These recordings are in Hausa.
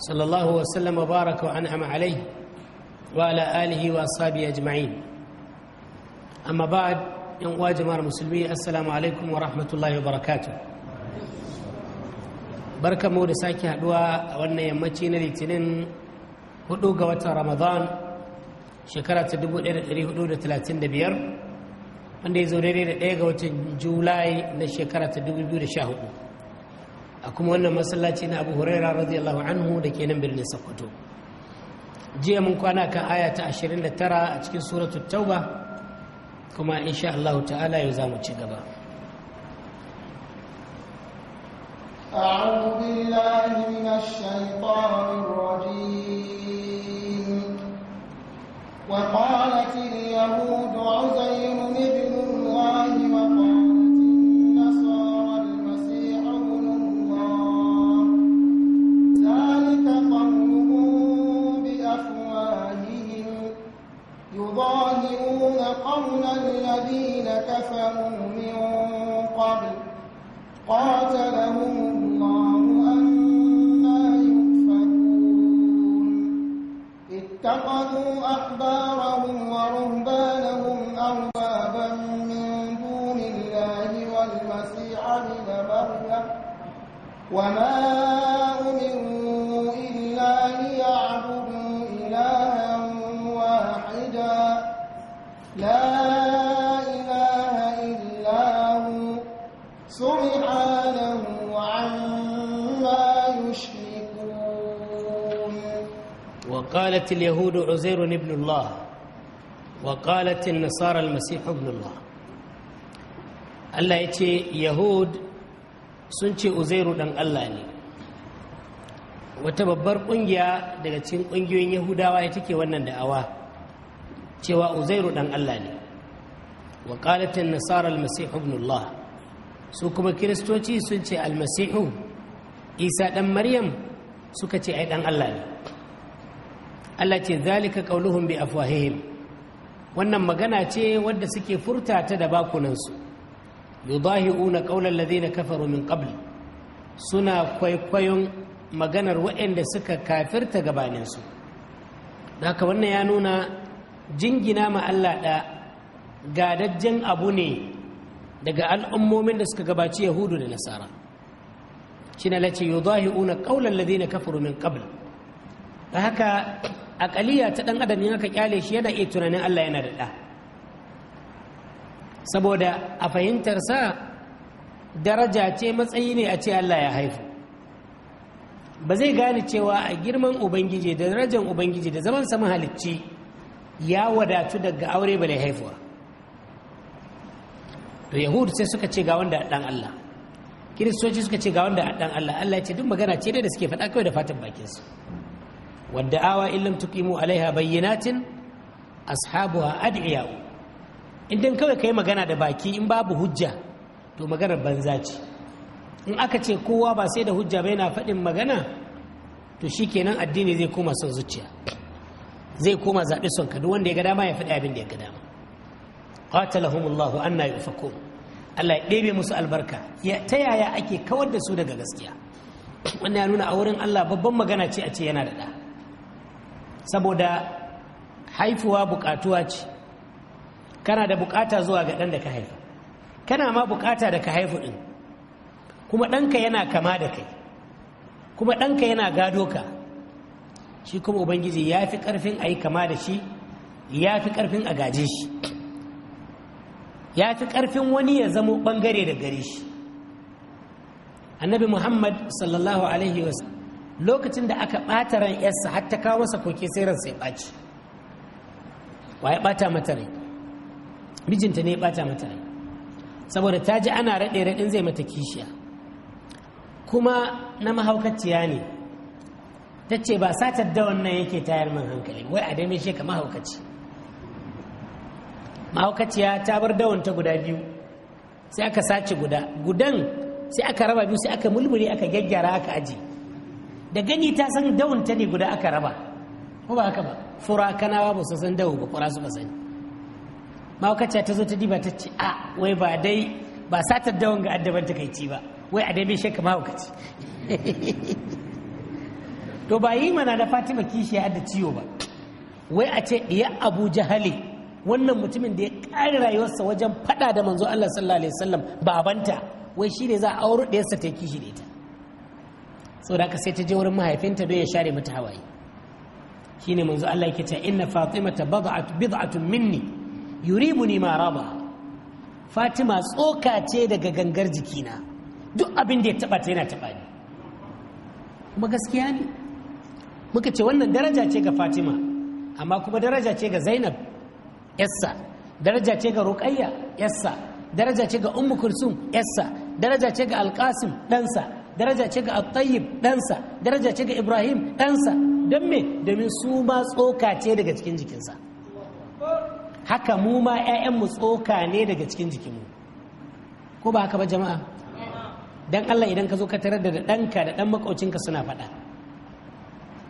صلى الله وسلم وبارك وانعم عليه وعلى اله واصحابه اجمعين اما بعد ان واجب المسلمين السلام عليكم ورحمه الله barka mu da sake haduwa a wannan yammaci na litinin 4 ga watan ramadan shekara ta 1435 wanda ya zo daidai da ɗaya ga watan julai na shekara ta 2014 a kuma wannan masallaci na abu huraira radiyallahu anhu da ke nan birnin sokoto jiya mun kwana kan aya ta 29 a cikin suratu tauba kuma insha Allah ta'ala yau za mu ci gaba أعوذ بالله من الشيطان الرجيم وقالت اليهود عزيز آمنوا من قبل قاتلهم الله أنا يؤفكون اتخذوا أحبارهم ورهبانهم أربابا من دون الله والمسيح ابن مريم وما قالت اليهود عزير ابن الله وقالت النصارى المسيح ابن الله الله يتي يهود سنتي عزير دان الله ني wata babbar ƙungiya daga cikin ƙungiyoyin yahudawa ya take wannan da'awa cewa uzairu dan Allah ne wa qalatin nasara al su kuma kiristoci sun ce Almasihu isa ɗan maryam suka ce ai ɗan Allah ne Allah ce zalika qauluhum bi afwahihim wannan magana ce wadda suke furta ta da bakunansu yudahi'una qaulal ladina kafaru min qabl suna kwaikwayon maganar waɗanda suka kafirta gabaninsu haka wannan ya nuna jingina ma Allah da gadajjen abu ne daga al'ummomin da suka gabaci yahudu da nasara shi na lace yudahi'una qaulal ladina kafaru min qabl haka aƙaliya ta ɗan adam yin aka kyale shi yana iya tunanin Allah yana da ɗa saboda a fahimtar sa daraja ce matsayi ne a ce Allah ya haifu ba zai gane cewa a girman ubangiji da darajar ubangiji da zaman samun halicci ya wadatu daga aure ba haifuwa to yahudu sai suka ce ga wanda ɗan Allah kiristoci suka ce ga wanda ɗan Allah Allah ya ce duk magana ce da suke faɗa kawai da fatan bakinsu wadda'awa in lam tuqimu alaiha bayyinatin ashabuha ad'iya idan kawai ka yi magana da baki in babu hujja to maganar banza ce in aka ce kowa ba sai da hujja ba yana faɗin magana to shikenan addini zai koma son zuciya zai koma zaɓi son ka wanda ya ga dama ya faɗi abin da ya ga dama qatalahumullahu anna yufakun Allah ya ɗebe musu albarka ta yaya ake kawar da su daga gaskiya wannan ya nuna a wurin Allah babban magana ce a ce yana da ɗa saboda haifuwa bukatuwa ce kana da bukata zuwa ga ɗan da ka haifa kana ma bukata da ka haifu ɗin kuma ɗanka yana kama da kai kuma ɗanka yana gado ka shi kuma ubangiji ya fi ƙarfin a yi kama da shi ya fi ƙarfin a gaje shi ya fi ƙarfin wani ya zamo ɓangare da gare shi annabi muhammad sallallahu alaihi wasu lokacin da aka ɓata ran yarsa har ta kawo masa koke sai ran ya ɓaci wa ya ɓata mata rai mijinta ne ya ɓata mata rai saboda ta ji ana raɗe raɗin zai mata kishiya kuma na mahaukaciya ne ta ce ba satar da wannan yake tayar min hankali wai a daimai shi ka mahaukaci mahaukaciya ta bar ta guda biyu sai aka sace guda gudan sai aka raba biyu sai aka mulmuli aka gyaggyara aka ajiye da gani ta san dawon ta ne guda aka raba ko ba haka ba fura kanawa ba su san dawo ba fura su ba sani ce ta zo ta diba ta ce a wai ba dai ba satar dawon ga addaban ta takaici ba wai a dai bai ka mawakaci to ba yi mana da fatima kishi ya da ciwo ba wai a ce ya abu jahali wannan mutumin da ya kare rayuwarsa wajen faɗa da manzo Allah sallallahu alaihi wasallam babanta wai shi ne za a da yasa ta kishi da ita saboda haka sai ta je wurin mahaifinta don ya share mata hawaye Shi ne manzo Allah yake cewa inna fatima ta bid'atun minni yuribuni ni maraba. fatima tsoka ce daga gangar jikina duk abin da ya taba ta yana taba ni kuma gaskiya ne muka ce wannan daraja ce ga fatima amma kuma daraja ce ga zainab yassa daraja ce ga ruqayya yassa daraja ce ga ummu kulsum yassa daraja ce ga alqasim ɗansa daraja ce ga at-tayyib ɗansa daraja ce ga ibrahim ɗansa don me domin su ma tsoka ce daga cikin jikinsa haka mu ma 'ya'yanmu tsoka ne daga cikin jikinmu ko ba haka ba jama'a don Allah idan ka zo ka tarar da ɗanka da ɗan makaucinka suna faɗa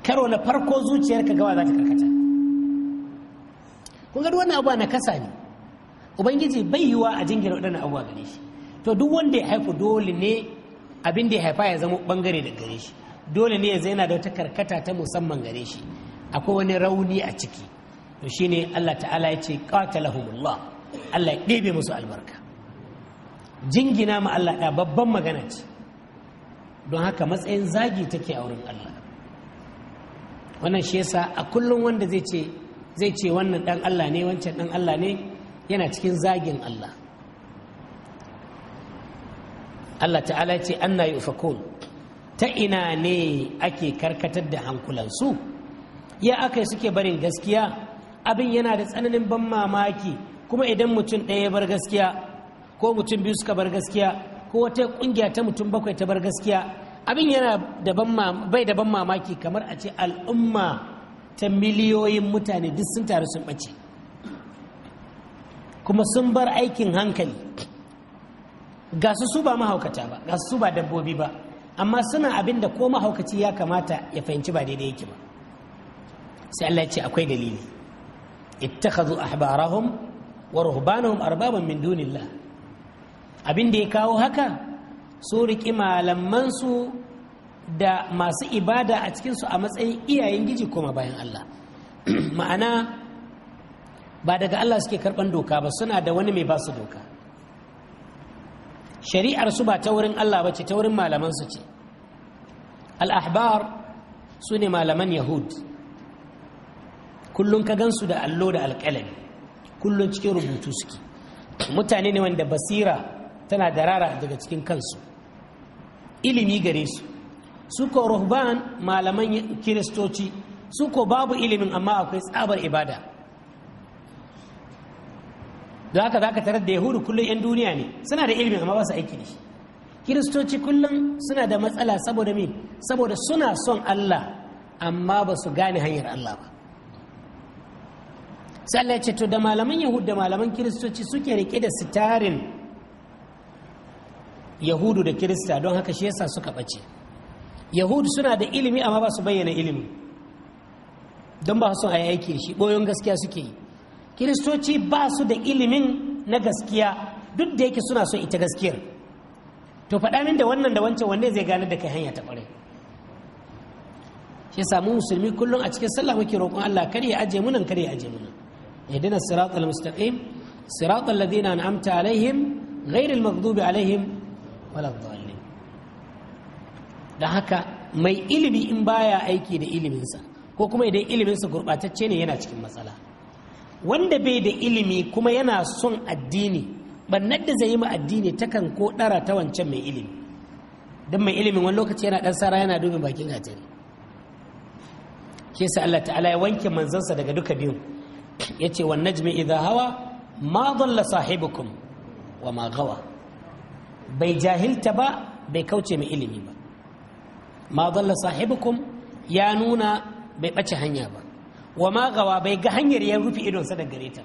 karo na farko zuciyarka gawa za ta karkata kun ga wannan abuwa na kasa ne ubangiji bai yiwa a jingina waɗannan abuwa gare shi to duk wanda ya haifu dole ne abin da ya haifa ya zama bangare da gare shi dole ne ya yana da wata karkata ta musamman gare shi akwai wani rauni a ciki to shine Allah ta'ala ya ce qatalahumullah Allah ya ɗebe musu albarka jingina ma Allah ɗaya babban magana ce don haka matsayin zagi take a wurin Allah wannan shi yasa a kullum wanda zai ce zai ce wannan dan Allah ne wancan dan Allah ne yana cikin zagin Allah Allah ta'ala ce anna yufakun ta ina ne ake karkatar da hankulansu ya aka suke barin gaskiya abin yana da tsananin ban mamaki kuma idan mutum ɗaya bar gaskiya ko mutum biyu suka bar gaskiya ko wata ƙungiya ta mutum bakwai ta bar gaskiya abin yana bai da ban mamaki kamar a ce al'umma ta miliyoyin mutane duk sun taru sun ɓace kuma sun bar aikin hankali ga su su ba mahaukata ba ga su ba dabbobi ba amma suna abin da ko mahaukaci ya kamata ya fahimci ba daidai yake ba sai Allah ya ce akwai dalili ittakhadhu ahbarahum wa ruhbanahum arbaban min dunillah abin da ya kawo haka su riki malaman su da masu ibada a cikin su a matsayin iyayen giji kuma bayan Allah ma'ana ba daga Allah suke karban doka ba suna da wani mai ba su doka shari'ar su ba ta wurin Allah ba ce ta wurin malaman su ce al'ahbar ahbar su ne malaman yahud kullum ka gansu da allo da alƙalami kullum cikin rubutu suke mutane ne wanda basira tana da rara daga cikin kansu ilimi gare su su ko ruhban malaman kiristoci su ko babu ilimin amma akwai tsabar ibada da haka zaka tarar da yahudu kullum yan duniya ne suna da ilimin amma ba su aiki da shi kiristoci kullum suna da matsala saboda me saboda suna son Allah amma ba su gane hanyar Allah ba sallai ce to da malaman yahudu da malaman kiristoci suke rike da sitarin yahudu da kirista don haka shi yasa suka bace yahudu suna da ilimi amma ba su bayyana ilimi don ba su a aiki da shi ɓoyon gaskiya suke yi kiristoci ba su da ilimin na gaskiya duk da yake suna so ita gaskiyar to faɗa min da wannan da wancan wanne zai gane da kai hanya ta ƙwarai shi samu musulmi kullum a cikin sallah muke roƙon Allah kar ya aje munan kar ya aje munan ihdina siratal mustaqim siratal ladina an'amta alaihim ghairil maghdubi alaihim waladdallin dan haka mai ilimi in baya aiki da iliminsa ko kuma idan iliminsa gurbatacce ne yana cikin matsala wanda bai da ilimi kuma yana son addini bannar da zai yi wa addini takan ko ɗara ta wancan mai ilimi don mai ilimin wani lokaci yana ɗan sara yana dubin bakin gata ne shi Allah ta'ala ya wanke manzansa daga duka biyun ya ce wa najmi idha hawa ma dhalla sahibukum wa ma bai jahilta ba bai kauce mai ilimi ba ma dhalla sahibukum ya nuna bai ɓace hanya ba wa ma gawa bai ga hanyar ya rufe idonsa da gare ta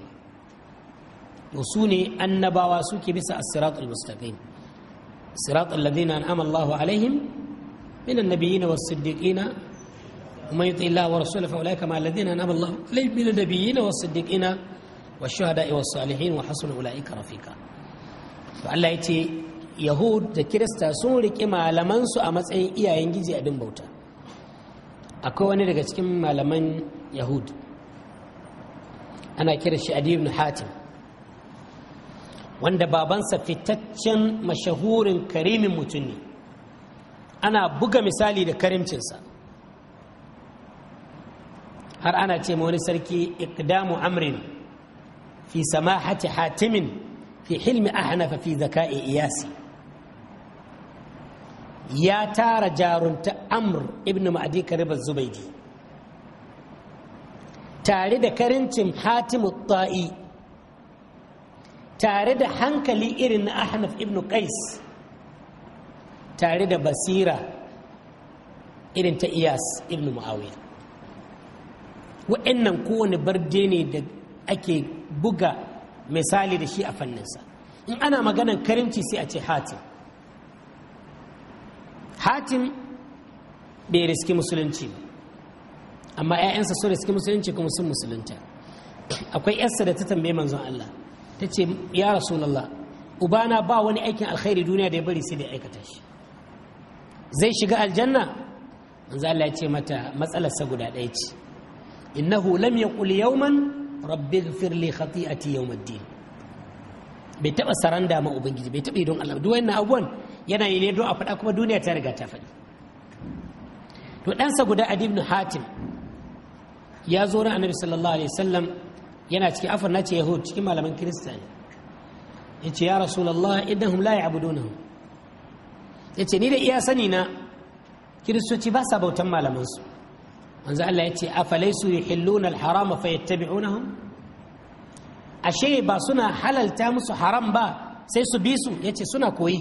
to su ne annabawa suke bisa as-siratul mustaqim siratul ladina an'ama Allahu alaihim min an-nabiyyin was-siddiqina ومن يطع الله ورسوله فاولئك مع الذين انعم الله عليهم من النبيين والصديقين والشهداء والصالحين وحسن اولئك رفيقا فالله يتي Yahud da kirista sun riƙe malaman su a matsayin iyayen giji abin bauta akwai wani daga cikin malaman yahud ana kira shi adi ibn hatim wanda babansa fitaccen mashahurin karimin mutum ne ana buga misali da karimcinsa har ana ce wani sarki iqdamu amrin fi samahati hatimin fi hilmi ahnafa fi zaka'i iyasi ya tara jarunta amr ibn ma'adi karibar zubaidi tare da karincin hatim ta'i tare da hankali irin na ahnaf ibn qais tare da basira irin ta iyas ibn muawiya wa'annan kowane barde ne da ake buga misali da shi a fanninsa in ana maganan karimci sai a ce hatim hatim bai riski musulunci ba amma 'ya'yansa so da suke musulunci kuma sun musulunta akwai 'yarsa da ta tambaye manzon Allah ta ce ya rasulallah ubana ba wani aikin alkhairi duniya da ya bari sai da aikata shi zai shiga aljanna manzon Allah ya ce mata matsalarsa guda ɗaya ce innahu lam yaqul yawman rabbi ighfir li khati'ati yawmiddin bai taba saranda ma ubangiji bai taba don Allah duk wannan yana yi ne don a faɗa kuma duniya ta riga ta faɗi to ɗansa guda adibnu hatim ya zo ran annabi sallallahu alaihi wasallam yana cikin afar nace yahud cikin malaman kirista ne yace ya rasulullah innahum la ya'budunahu yace ni da iya sani na kiristoci ba sa bautan malaman su manzo Allah yace afalaisu yuhilluna al-harama fayattabi'unahum ashe ba suna halalta musu haram ba sai su bi su yace suna koyi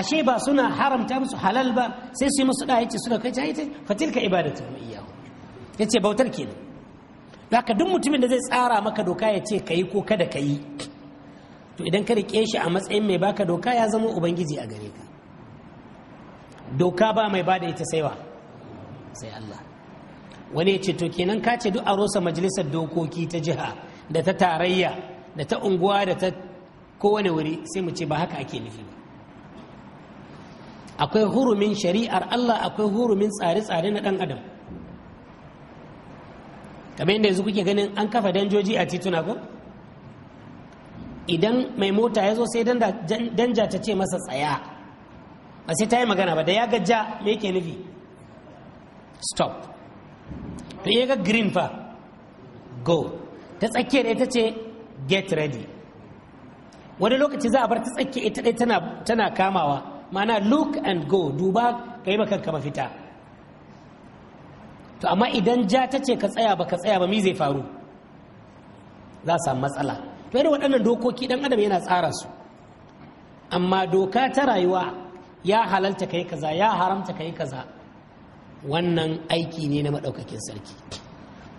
ashe ba suna haramta musu halal ba sai su yi musu da yace suna kai ta fatilka ibadatu iyyahu ya ce bautar da haka duk mutumin da zai tsara maka doka ya ce ka yi ko kada ka yi to idan ka riƙe shi a matsayin mai baka doka ya zama ubangiji a gare ka doka ba mai bada ita saiwa sai Allah wani ya ce to kenan ka ce duk a rosa majalisar dokoki ta jiha da ta tarayya da ta unguwa da ta kowane wuri sai mu ce ba haka ake nufi ba akwai hurumin shari'ar Allah akwai hurumin tsare-tsare na ɗan adam kamar yadda yanzu kuke ganin an kafa danjoji a tituna ko idan mai mota ya zo sai danja ta ce masa tsaya ba sai ta yi magana ba da ya gajja me yake nufi stop to ya ga green fa go ta tsakiyar ita ce get ready wani lokaci za a bar ta tsakiya ita dai tana kamawa mana look and go duba ka yi kanka mafita to amma idan ja ta ce ka tsaya ba ka tsaya ba mi zai faru za samu matsala to yadda waɗannan dokoki ɗan adam yana tsara su amma doka ta rayuwa ya halalta yi kaza ya haramta ka yi kaza wannan aiki ne na maɗaukakin sarki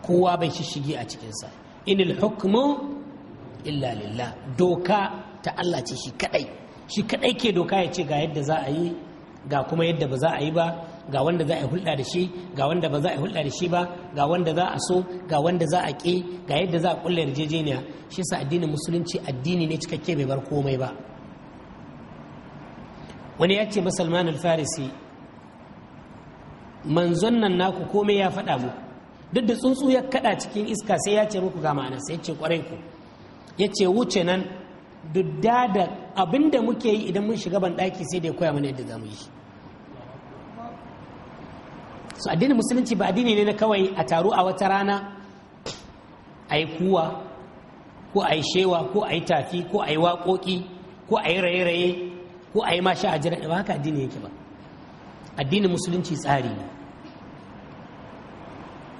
kowa bai shige a cikinsa inil hukmu illa lillah doka ta Allah ce shi kadai shi kadai ke doka ya ce ga yadda za a yi ga kuma yadda ba za a yi ba ga wanda za a hulɗa da shi ga wanda ba za a hulɗa da shi ba ga wanda za a so ga wanda za a ƙi ga yadda za a ƙulla yarjejeniya shi sa addinin musulunci addini ne cikakke bai bar komai ba wani ya ce musulman alfarisi manzon nan naku komai ya faɗa mu duk da tsuntsu ya kaɗa cikin iska sai ya ce muku ga ma'ana sai ce kwarai ku ya ce wuce nan duk da abin da muke yi idan mun shiga ban ɗaki sai dai koya mana yadda za mu yi so addinin musulunci ba addini ne na kawai a taru a wata rana a yi kuwa ko a yi shewa ko a yi tafi ko a yi waƙoƙi ko a yi raye-raye ko a yi mashi a jira ba haka addini yake ba addinin musulunci tsari ne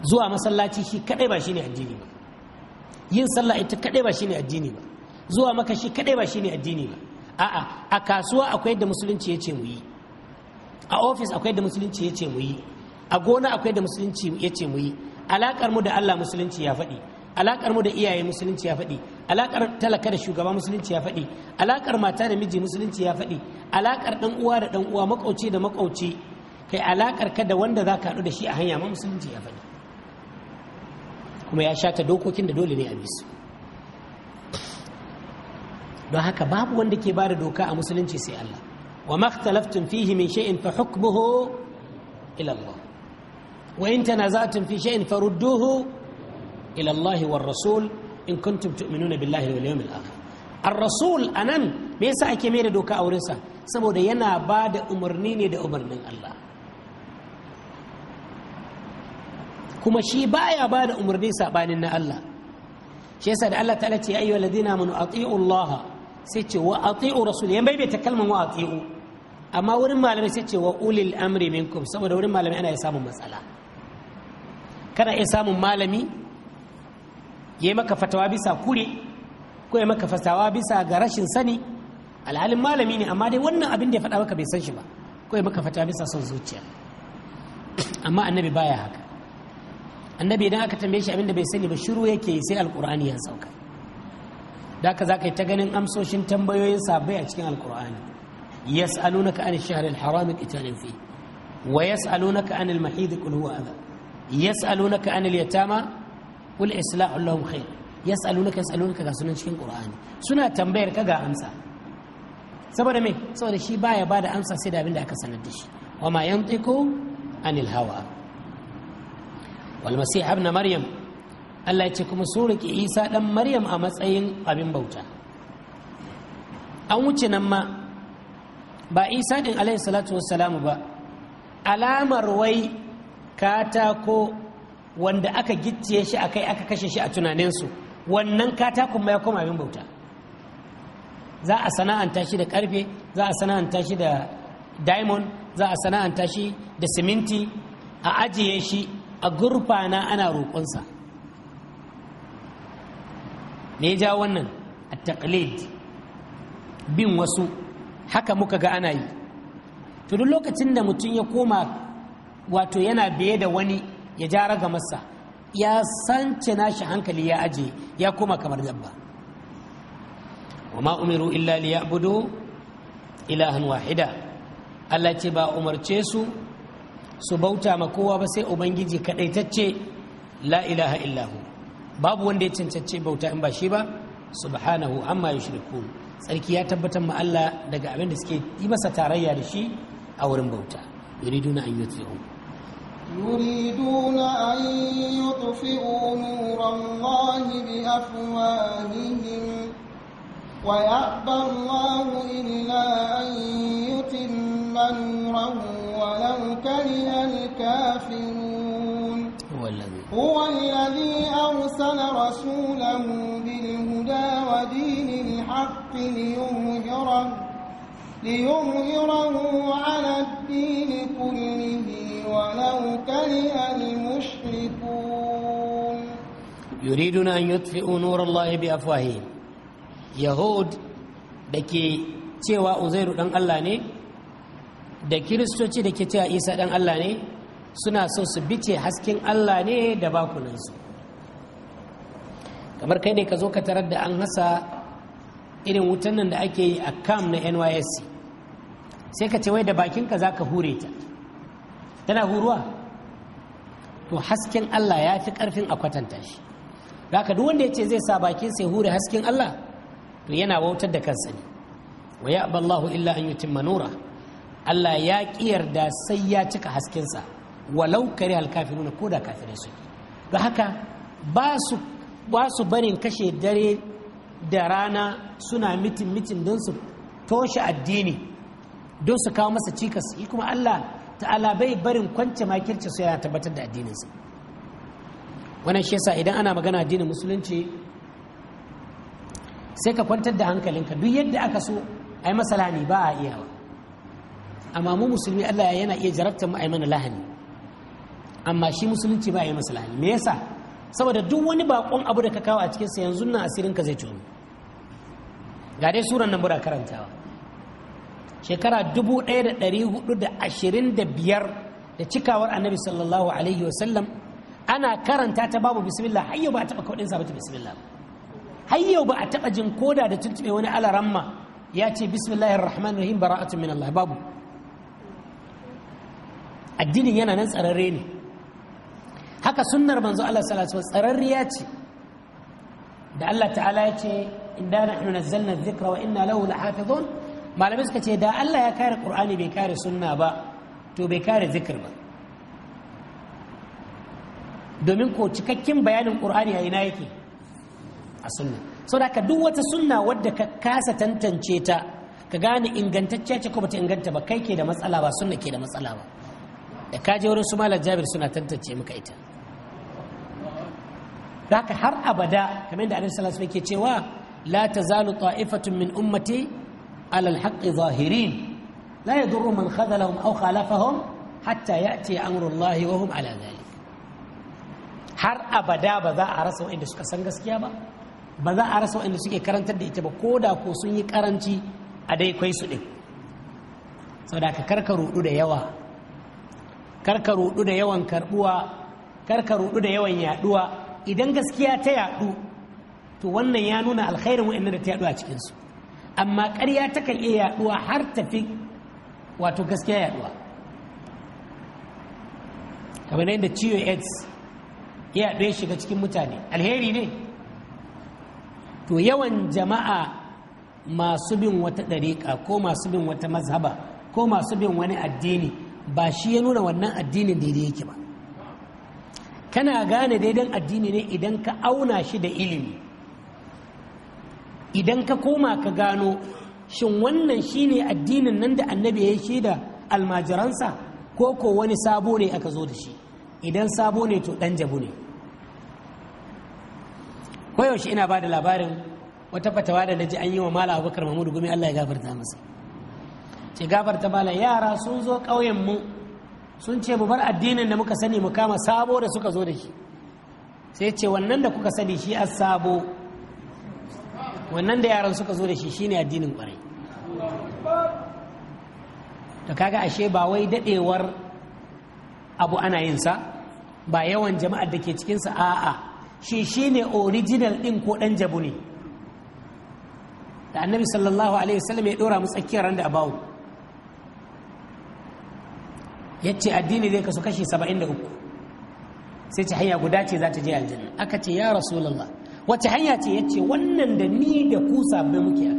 zuwa masallaci shi kadai ba shi ne addini ba yin sallah ita kadai ba shi ne addini ba zuwa maka shi kadai ba shi ne addini ba a'a a kasuwa akwai da musulunci ce mu yi a ofis akwai da musulunci ce mu yi a gona akwai da musulunci ya ce mu yi alakar mu da Allah musulunci ya faɗi alakar mu da iyaye musulunci ya faɗi alakar talaka da shugaba musulunci ya faɗi alakar mata da miji musulunci ya faɗi alakar dan uwa da dan uwa makauci da makauci kai alakar ka da wanda za ka haɗu da shi a hanya ma musulunci ya faɗi kuma ya shata dokokin da dole ne a bisu don haka babu wanda ke bada doka a musulunci sai Allah wa makhtalaftum fihi min shay'in fa hukmuhu ila Allah wa in tanaza'tum fi shay'in farudduhu ila Allah war rasul in kuntum tu'minuna billahi wal yawmil akhir ar-rasul anan me yasa ake mai da doka a wurinsa saboda yana ba da umarni ne da umarnin Allah kuma shi baya ba da umarni sabanin na Allah shi yasa da Allah ta'ala ce ya ayyuhal ladina amanu ati'u Allah sai ce wa ati'u rasul yan bai ta kalman wa ati'u amma wurin malamai sai ce wa ulil amri minkum saboda wurin malamai ana samun matsala kana iya samun malami ya yi maka fatawa bisa kure ko ya maka fatawa bisa ga rashin sani alhalin malami ne amma dai wannan abin da ya faɗa maka bai san shi ba ko ya maka fatawa bisa son zuciya amma annabi baya haka annabi idan aka tambaye shi abin da bai sani ba shiru yake sai alkur'ani ya sauka da haka za ka yi ta ganin amsoshin tambayoyin sabai a cikin alkur'ani yas'alunaka an shahr al-haram qitalin fi wa yas'alunaka an al-mahid qul huwa adha yas'alunaka anil yatama qul islahu lahum khair yas'alunaka yas'alunaka ga sunan cikin qur'ani suna tambayar ka ga amsa saboda me saboda shi baya bada amsa sai da abinda aka sanar da shi wa ma yantiqu anil hawa wal masih ibn maryam Allah ya ce kuma su riƙe Isa ɗan Maryam a matsayin abin bauta an wuce nan ma ba Isa din alaihi salatu wassalamu ba alamar wai katako wanda aka gicciye shi a kai aka kashe shi a tunaninsu wannan katakon ma ya koma abin bauta za a sana'anta shi da karfe za a sana'anta shi da diamond za a sana'anta shi da siminti a ajiye shi a gurfana ana roƙonsa me ya ja wannan a taqlid bin wasu haka muka ga ana yi to duk lokacin da mutum ya koma wato yana biye da wani ya ja masa ya sance nashi hankali ya aje ya koma kamar dabba wa ma umiru illa ya'budu ilahan wahida Allah ce ba umarce su su bauta ma kowa ba sai ubangiji kadaitacce la ilaha illahu babu wanda ya ce bauta in ba shi ba subhanahu amma yushriku sarki ya tabbatar ma Allah daga abin da suke yi masa tarayya da shi a wurin bauta yuriduna an yutfi'u يريدون أن يطفئوا نور الله بأفواههم ويأبى الله إلا أن يتم نوره ولو كره الكافرون هو الذي هو الذي أرسل رسوله بالهدى ودين الحق ليظهره ليظهره على الدين كله ولو كره المشركون يريدون أن يطفئوا نور الله بأفواههم يهود دكي cewa uzairu dan Allah ne da kiristoci da ke cewa isa dan Allah ne suna so su bice hasken Allah ne da bakunansu kamar kai ne ka zo ka tarar da an hasa irin wutan nan da ake yi a kam na nysc sai ka ce wai da bakinka za ka hure ta tana huruwa to hasken Allah ya fi ƙarfin a kwatanta shi haka duk wanda ya ce zai sa bakin sai hure hasken Allah to yana wautar da kansa ne wa ya illa an yutimma nura Allah ya kiyar da sai ya cika haskensa walau kare nuna ko da kafirai su ga haka ba su barin kashe dare da rana suna mitin mitin don su toshe addini don su kawo masa cikas shi kuma Allah ta'ala bai barin kwance makirci su yana tabbatar da addininsa wannan shi yasa idan ana magana addinin musulunci sai ka kwantar da hankalinka duk yadda aka so a yi masa lahani ba a iyawa amma mu musulmi Allah yana iya jarabta mu a yi mana lahani amma shi musulunci ba a yi masa lahani me yasa saboda duk wani bakon abu da ka kawo a cikinsa yanzu nan asirinka zai tono ga dai suran nan bura karantawa shekara 1425 da cikawar annabi sallallahu alaihi wasallam ana karanta ta babu bismillah har yau ba a taɓa kaɗin sa ta bismillah har yau ba a taɓa jin koda da tuntuɓe wani alaramma ya ce bismillahir rahmanir rahim bara'atun min Allah babu addinin yana nan tsararre ne haka sunnar manzo Allah sallallahu alaihi wasallam tsararriya ce da Allah ta'ala ya ce inna nahnu nazzalna dhikra wa inna lahu lahafizun malamai suka ce da Allah ya kare Qur'ani bai kare sunna ba to bai kare zikir ba domin ko cikakken bayanin Qur'ani a ina yake a sunna da ka duk wata sunna wadda ka kasa tantance ta ka gane ingantacciya ce ko bata inganta ba kai ke da matsala ba sunna ke da matsala ba da ka je wurin su malam Jabir suna tantance maka ita Da ka har abada kamar da Annabi sallallahu alaihi wasallam cewa la tazalu ta'ifatun min ummati على الحق ظاهرين لا يضر من خذلهم أو خالفهم حتى يأتي أمر الله وهم على ذلك har abada ba za a rasa waɗanda suka san gaskiya ba ba za a rasa waɗanda suke karantar da ita ba ko da ko sun yi karanci a dai kwai su ɗin saboda ka karka rudu da yawa karka rudu da yawan karbuwa karka rudu da yawan yaduwa idan gaskiya ta yadu to wannan ya nuna alkhairin waɗanda da ta yadu a cikinsu amma ƙarya takan iya yaduwa har tafi wato gaskiya yaduwa kamar yadda ciwo aids ya yaɗu shiga cikin mutane alheri ne to yawan jama'a masu bin wata ɗariƙa ko masu bin wata mazhaba ko masu bin wani addini ba shi ya nuna wannan addinin daidai yake ba kana gane daidan addini ne idan ka auna shi da ilimi idan ka koma ka gano shin wannan shine addinin nan da annabi ya yi shi da almajiransa ko ko wani sabo ne aka zo da shi idan sabo ne to dan jabu ne koyaushe ina ba da labarin wata fatawa da na ji an yi wa mala abubakar mahmudu gumi allah ya gafarta masa ce gafarta mala yara sun zo ƙauyen mu sun ce mu bar addinin da muka sani mu kama sabo da suka zo da shi sai ce wannan da kuka sani shi as sabo wannan da yaran suka zo da shi shine addinin kwarai da kaga ashe ba wai dadewar abu ana yin sa ba yawan jama'ar da ke cikinsa a'a shi shine original din ko dan jabu ne da annabi sallallahu alaihi wasallam ya dora mu tsakiyar ran da abawu yace addini zai kasu kashi 73 sai ce hanya guda ce za ta je aljanna aka ce ya rasulallah. wace hanya ce ya ce wannan da ni da ku ba muke a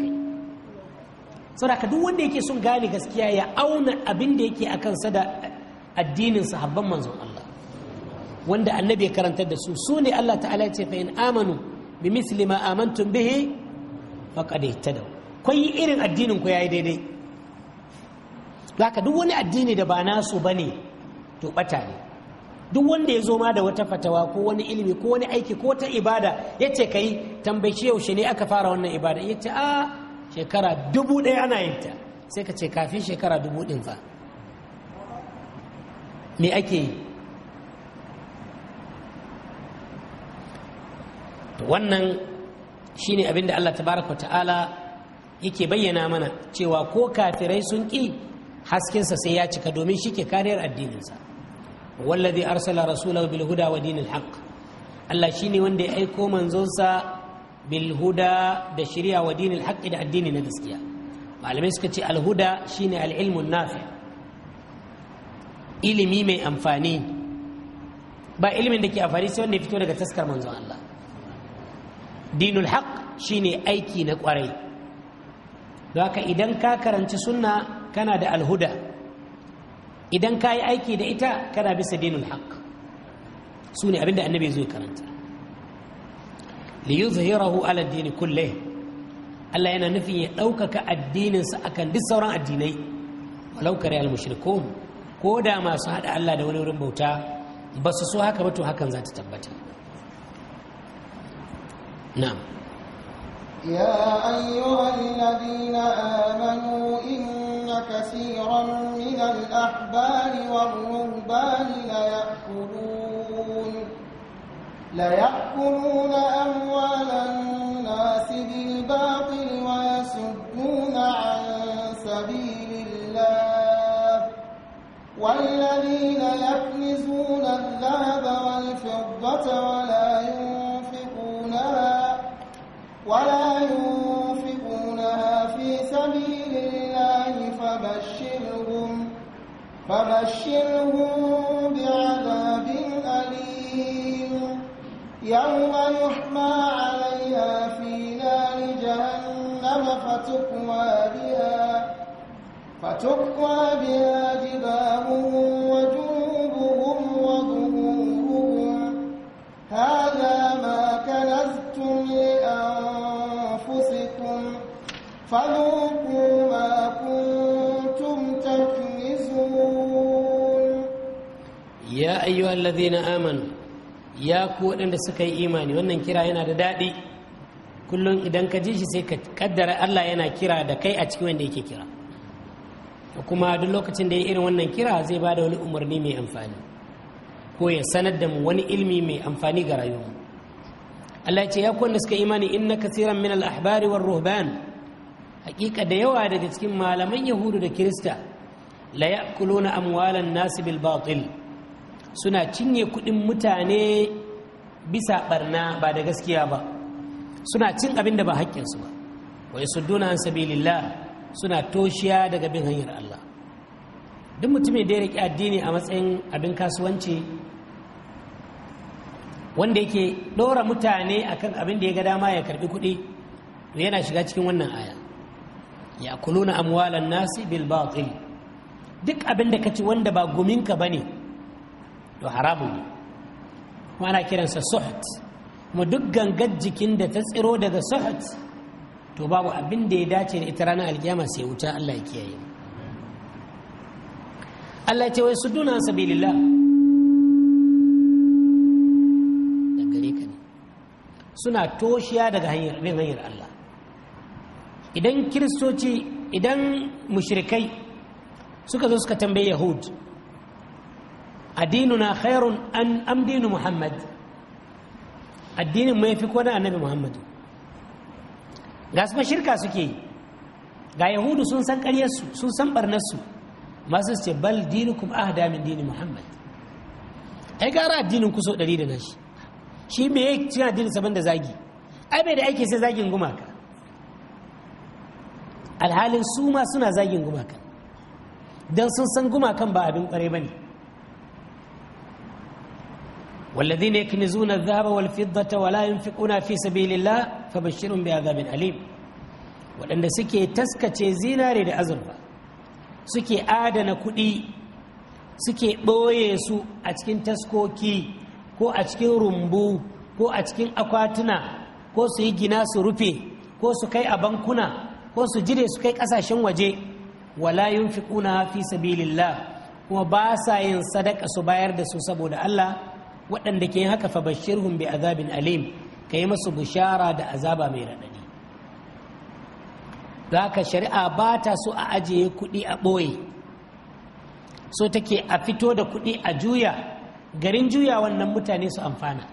kai ka duk wanda yake son gane gaskiya ya auna abin da yake a kansa da addinin sahabban manzon Allah wanda annabi ya karantar da su su ne Allah ta'ala ce fa in amanu bi misli ma amantum bihi faqad ihtadaw kai irin addinin ku yayi daidai zaka duk wani addini da ba nasu bane to bata ne duk wanda ya zo ma da wata fatawa ko wani ilimi ko wani aiki ko wata ibada ya ce ka yi tambaci yaushe ne aka fara wannan ibada ya ce a ah, shekara dubu ɗaya ana yin ta sai ka ce kafin shekara dubu ɗin fa me ake yi wannan shi ne abinda Allah tabaraka ta'ala yake bayyana mana cewa ko kafirai sun ƙi haskinsa sai ya cika domin shi ke kariyar addininsa wallazi arsala rasulahu bil huda wa dinil haqq Allah shine wanda ya aiko manzonsa bil huda da shari'a wa dinil haqq da addini na gaskiya malamai suka ce al huda shine al ilmun nafi ilimi mai amfani ba ilimin da ke amfani sai wanda ya fito daga taskar manzon Allah dinul haqq shine aiki na kwarai haka idan ka karanci sunna kana da alhuda idan ka yi aiki da ita kana bisa dinul haq su ne abinda annabi zai karanta li yuzhirahu ala dini kulle Allah yana nufin ya ɗaukaka addininsa akan duk sauran addinai walau kare al mushrikun ko da masu haɗa Allah da wani wurin bauta ba su so haka ba to hakan za ta tabbata na'am يا أيها الذين آمنوا إن كثيرا من الأحبار والرهبان ليأكلون ليأكلون أموال الناس بالباطل ويصدون عن سبيل الله والذين يكنزون الذهب والفضة ولا ينفقونها ولا ينفقونها في سبيل فبشرهم فبشرهم بعذاب أليم يوم يحمى عليها في نار جهنم فتكوى بها فتكوى بها جباههم وجنوبهم وظهورهم هذا ما كنزتم لأنفسكم فذوقوا ya ayyuhal na amanu ya ku waɗanda suka yi imani wannan kira yana da daɗi kullum idan ka ji shi sai ka kaddara Allah yana kira da kai a cikin wanda yake kira kuma duk lokacin da ya irin wannan kira zai ba da wani umarni mai amfani ko ya sanar da mu wani ilmi mai amfani ga rayuwa Allah ce ya wanda suka yi imani inna kasiran min al-ahbari war ruhban hakika da yawa daga cikin malaman yahudu da kirista la ya'kuluna amwalan nasi bil batil suna cinye kuɗin mutane bisa ɓarna ba da gaskiya ba suna cin abin da ba haƙƙinsu ba su duna an sabilillah suna toshiya daga bin hanyar Allah duk mutumin da ya riƙe addini a matsayin abin kasuwanci wanda yake ɗora mutane akan abin da ya ga dama ya karɓi kuɗi yana shiga cikin wannan aya ya kuluna amwalan nasi bil batil duk abin da kace wanda ba guminka bane to haramun ne kuma ana kiransa suhut kuma duk gangar jikin da ta tsiro daga suhut to babu abin da ya dace da ita ranar alkiyama sai wuta Allah ya kiyaye Allah ce wai suduna sabilillah da gare ka ne suna toshiya daga hanyar bin hanyar Allah idan kiristoci idan mushrikai suka zo suka tambayi yahud adinuna khairun an am muhammad addinin mai fi kona annabi muhammadu ga su shirka suke ga yahudu sun san karyarsu sun san barnarsu masu ce bal dinukum ahda min dini muhammad ai gara addinin kuso ɗari da nashi shi me yake cikin addinin saban da zagi ai bai da aiki sai zagin gumaka alhalin su ma suna zagin gumakan don sun san gumakan ba abin kwarai ba ne والذين يكنزون الذهب والفضة ولا ينفقون في سبيل الله فبشرهم بعذاب أليم waɗanda suke taskace zinare da azurfa suke adana kuɗi suke ɓoye su a cikin taskoki ko a cikin rumbu ko a cikin akwatuna ko su yi gina su rufe ko su kai a bankuna ko su jire su kai ƙasashen waje wala yunfiquna fi sabilillah kuma ba sa yin sadaka su bayar da su saboda Allah waɗanda ke haka fa bashirhum bi azabin alim ka yi masu bishara da azaba mai raɗaɗi za ka shari'a ba ta so a ajiye kuɗi a ɓoye so take a fito da kuɗi a juya garin juya wannan mutane su amfana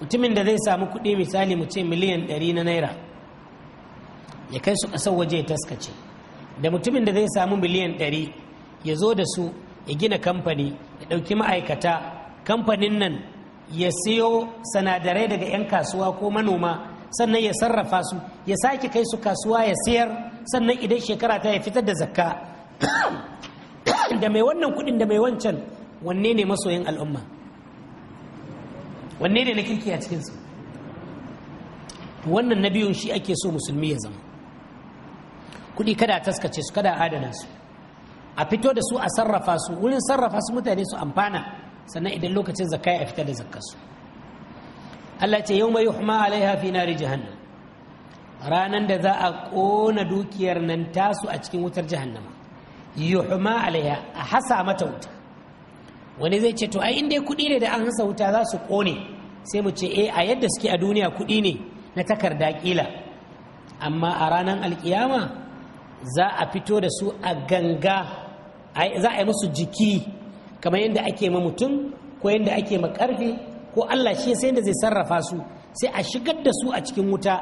mutumin da zai samu kuɗi misali mu ce miliyan ɗari na naira ya kai su ƙasar waje ya taskace da mutumin da zai samu miliyan ɗari ya zo da su ya gina kamfani ya ɗauki ma'aikata kamfanin nan ya siyo sanadarai daga 'yan kasuwa ko manoma sannan ya sarrafa su ya sake kai su kasuwa ya siyar sannan idan shekara ta ya fitar da zakka da mai wannan kudin da mai wancan wanne ne masoyin al'umma wanne ne na kirki a cikinsu wannan na biyun shi ake so musulmi ya zama kudi kada a taskace su kada a adana su a fito da su a sarrafa su wurin sarrafa su mutane su amfana sannan idan lokacin zakka ya fita da zakkarsu Allah ce yau mai yuhma alaiha fi nari jahannam ranan da za a ƙona dukiyar nan tasu a cikin wutar jahannama yuhma alaiha a hasa mata wuta wani zai ce to ai in dai kuɗi ne da an hasa wuta za su ƙone sai mu ce eh a yadda suke a duniya kuɗi ne na takarda ƙila amma a ranar alkiyama za a fito da su a ganga za a yi musu jiki kamar yadda ake ma mutum ko yadda ake ma karfe ko Allah shi sai da zai sarrafa su sai a shigar da su a cikin wuta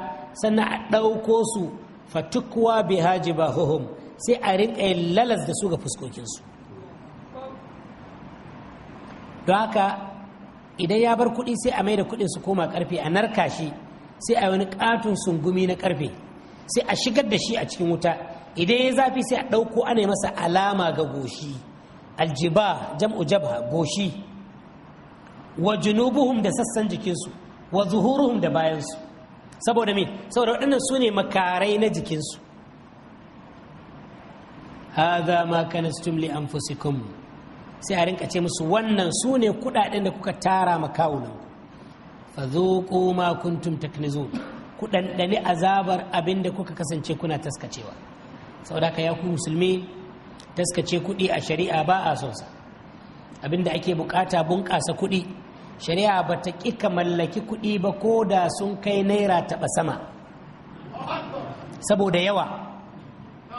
sannan a ɗauko su fatukwa bi bahuhum sai a rinƙa yin lalas da su ga fuskokinsu don haka idan ya bar kuɗi sai a mai da kuɗin su koma karfe a narka shi sai a wani ƙatun sungumi na karfe sai a shigar da shi a cikin wuta idan ya zafi sai a ɗauko ana masa alama ga goshi aljiba jam'u jabha goshi wa junubuhum da sassan jikinsu wa zuhuruhum da bayansu saboda me saboda waɗannan su makarai na jikinsu hadha ma kanastum li anfusikum sai a rinka ce musu wannan sune ne kuɗaɗen da kuka tara makawunan fa zuqu ma kuntum taknizu ku azabar abinda kuka kasance kuna taskacewa saboda ka ya ku musulmi taskace kuɗi a shari'a ba a son sa abinda ake bukata bunƙasa kuɗi shari'a ba ta ƙi ka mallaki kuɗi ba ko da sun kai naira taɓa sama saboda yawa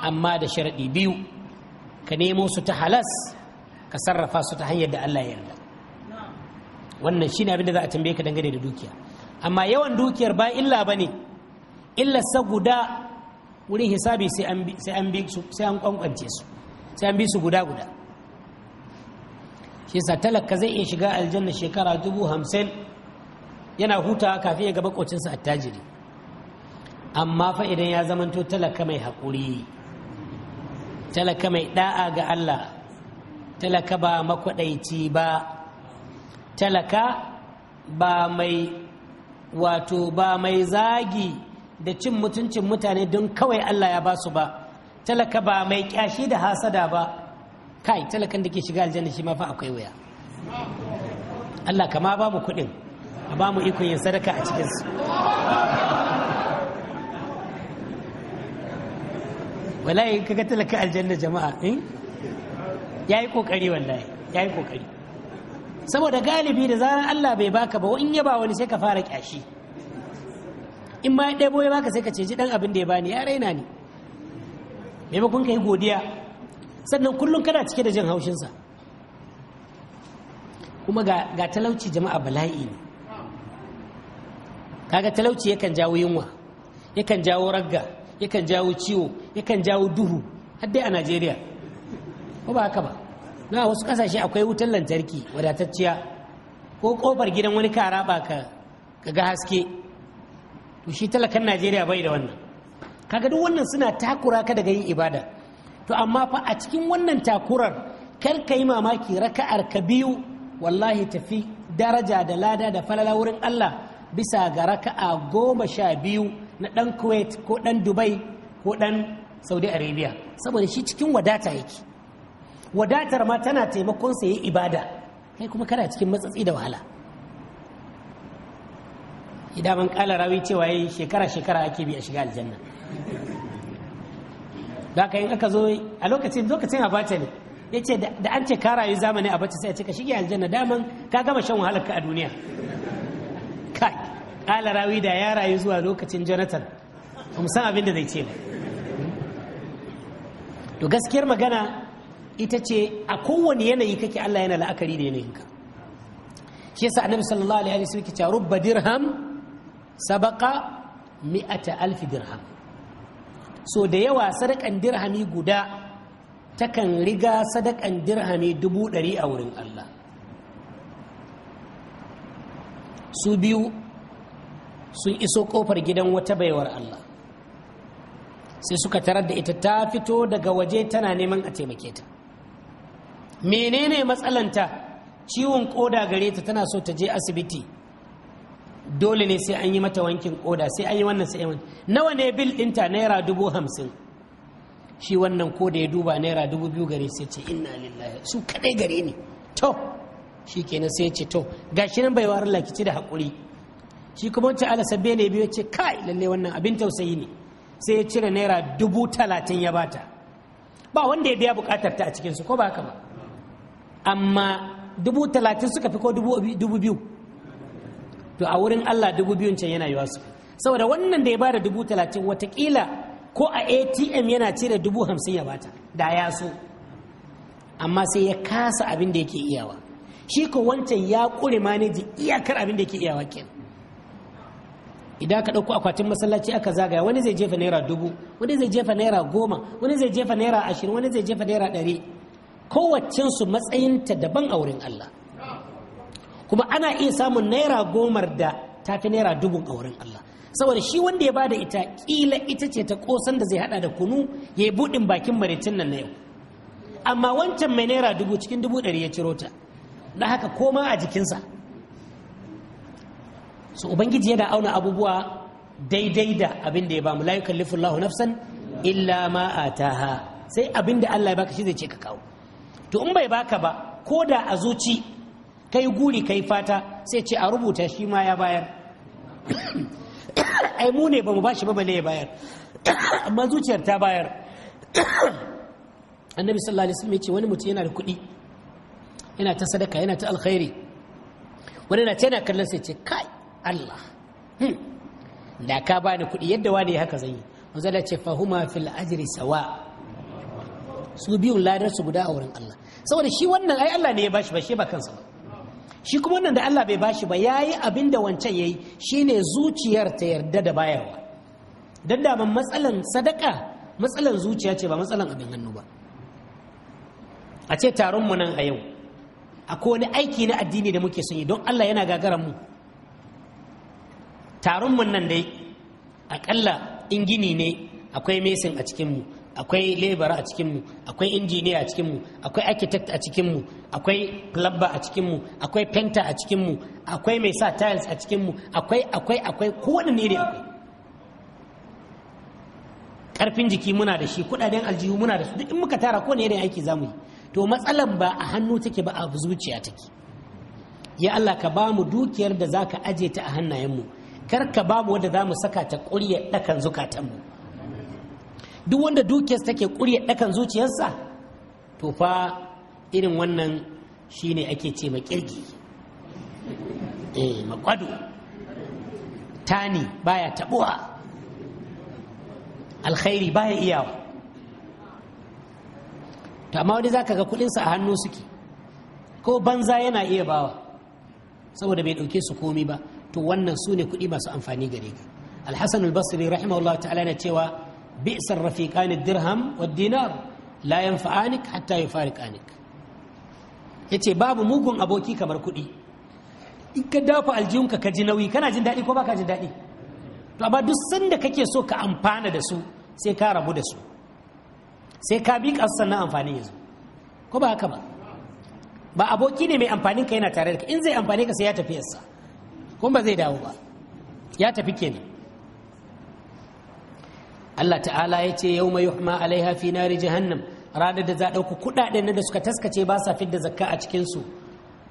amma da sharaɗi biyu ka nemo su ta halas ka sarrafa su ta hanyar da Allah ya yarda wannan shine abin da za a tambaye ka dangane da dukiya amma yawan dukiyar ba illa ba bane illarsa guda wurin hisabi sai an kwankwance su sai an bi su guda guda shi talaka zai iya shiga aljanna shekara dubu hamsin yana huta kafin ya ga makocinsa attajiri amma fa idan ya zamanto talaka mai haƙuri talaka mai ɗa'a ga Allah talaka ba makwaɗaici ba talaka ba mai wato ba mai zagi da cin mutuncin mutane don kawai Allah ya ba su ba talaka ba mai kyashi da hasada ba kai talakan da ke shiga aljanna shi fa akwai wuya Allah kama ba mu kuɗin a ba mu ikon yin sadaka a cikinsu wallahi kaga talaka aljanna jama'a eh? ya yi kokari wallahi yi kokari saboda galibi da zaran Allah bai baka ba in ya ba wani sai ka fara kyashi in ma ya ɗebo ya baka sai ka ce ji dan abin da ya bani ya raina ni maimakon ka yi godiya sannan kullum kana cike da jin haushinsa kuma ga talauci jama'a bala'i ne kaga talauci yakan jawo yunwa yakan jawo ragga yakan jawo ciwo yakan jawo duhu har dai a najeriya ko ba haka ba na wasu kasashe akwai wutan lantarki wadatacciya ko kofar gidan wani ka ba ka ga haske to shi talakan najeriya bai da wannan kaga duk wannan suna takura ka daga yin ibada to amma fa a cikin wannan takurar kar ka yi mamaki raka'ar ka biyu wallahi tafi daraja da lada da falala wurin Allah bisa ga raka'a goma sha biyu na ɗan Kuwait ko dan Dubai ko dan Saudi Arabia saboda shi cikin wadata yake wadatar ma tana taimakon sa yi ibada kai kuma kana cikin matsatsi da wahala idan ban kala rawi cewa shekara shekara ake bi a shiga aljanna da ka aka zo a lokacin lokacin abace ne ya ce da an ce ka rayu zamani a sai a ce ka shige aljanna daman ka gama shan wahalar ka a duniya kai ala rawi da ya rayu zuwa lokacin jonathan kuma san abin da zai ce ba to gaskiyar magana ita ce a kowane yanayi kake allah yana la'akari da yanayinka shi yasa annabi sallallahu alaihi wasallam yake cewa rubba dirham sabaqa mi'ata alfi dirham so da yawa sadakan dirhami guda takan riga sadakan dirhami dubu ɗari a wurin Allah su biyu sun iso ƙofar gidan wata baiwar Allah sai suka tarar da ita ta fito daga waje tana neman a taimake ta menene matsalanta ciwon koda gare ta tana so ta je asibiti dole ne sai an yi mata wankin koda sai an yi wannan sai wani nawa ne bil ɗinta naira dubu hamsin shi wannan ko da ya duba naira dubu biyu gare sai ce inna lillahi su kadai gare ni to shi kenan sai ce to gashi nan bai warin lakici da haƙuri shi kuma wancan ala sabbe ne biyu ce kai lalle wannan abin tausayi ne sai ya cire naira dubu talatin ya bata ba wanda ya biya buƙatar ta a cikinsu ko ba haka ba amma dubu talatin suka fi ko dubu biyu to a wurin Allah dubu biyun can yana yiwa su saboda wannan da ya ba da dubu talatin watakila ko a atm yana cire dubu hamsin ya bata da ya so amma sai ya kasa abin da yake iyawa shi ko wancan ya ƙure maniji iyakar abin da yake iyawa kenan idan ka ɗauko akwatin masallaci aka zagaya wani zai jefa naira dubu wani zai jefa naira goma wani zai jefa naira ashirin wani zai jefa naira ɗari su matsayinta daban a wurin allah kuma ana iya samun naira gomar da ta fi naira dubu a wurin Allah saboda shi wanda ya bada ita kila ita ce ta kosan da zai hada da kunu ya yi buɗin bakin maritin nan na yau amma wancan mai naira dubu cikin dubu ɗari ya ciro ta na haka koma a jikinsa so ubangiji yana auna abubuwa daidai da abin da ya bamu la yukallifu lahu nafsan illa ma a ha sai abin da Allah ya baka shi zai ce ka kawo to in bai baka ba ko da a zuci kai guri kai fata sai ce a rubuta shi ma ya bayar ai mu ne ba mu bashi ba bale ya bayar amma zuciyar ta bayar annabi sallallahu alaihi wasallam ya ce wani mutum yana da kuɗi yana ta sadaka yana ta alkhairi wani na ta yana kallon sai ce kai Allah hmm, da ka bani kuɗi yadda wani haka zan yi manzo Allah ce fahuma fil ajri sawa su biyun ladar su guda a wurin Allah saboda shi wannan ai Allah ne ya bashi ba shi ba kansa ba shi kuma nan da Allah bai bashi ba yayi abin da wancan yayi shine zuciyar ta yarda da bayarwa dan da man matsalan sadaka matsalan zuciya ce ba matsalan abin hannu ba a ce taron mu nan a yau akwai wani aiki na addini da muke son yi don Allah yana gagaran mu taron mu nan dai akalla in gini ne akwai mesin a cikin mu akwai lebara a cikinmu akwai injiniya a cikinmu akwai architect a cikinmu akwai plumber a cikinmu akwai penta a cikinmu akwai mai sa tiles a cikinmu akwai akwai akwai kowane ne akwai karfin jiki muna da shi kudaden aljihu muna da su duk in muka tara kowane irin aiki za mu yi to matsalar ba a hannu take ba a zuciya take ya Allah ka ba mu dukiyar da zaka aje ta a hannayenmu kar ka ba mu wadda za mu saka ta ƙuryar ɗakan zukatanmu duk wanda dukiyarsa take ƙurya ɗakan zuciyarsa to fa irin wannan shine ake ce ma kirgi eh makwado tani baya tabuwa alkhairi baya iyawa to amma wani zaka ga kuɗinsa a hannu suke ko banza yana iya bawa saboda bai ɗauke su komi ba to wannan su ne kuɗi masu amfani gare ka alhassan albasri rahimahullah ta'ala na cewa bi'sa rafiqan dirham wa dinar la yanfa'anik hatta yufariqanik yace babu mugun aboki kamar kuɗi in ka dafa aljihunka ka ji nauyi kana jin daɗi ko ba ka jin daɗi to amma duk sanda kake so ka amfana da su sai ka rabu da su sai ka bi ƙasar na amfani zo. ko ba haka ba ba aboki ne mai amfanin ka yana tare da ka in zai amfani ka sai ya tafi yasa kuma ba zai dawo ba ya tafi kenan Allah ta'ala ya ce yau mai yuhma alaiha fi nari jahannam ranar da za ɗauku kuɗaɗen da suka taskace ba sa fidda zakka a cikinsu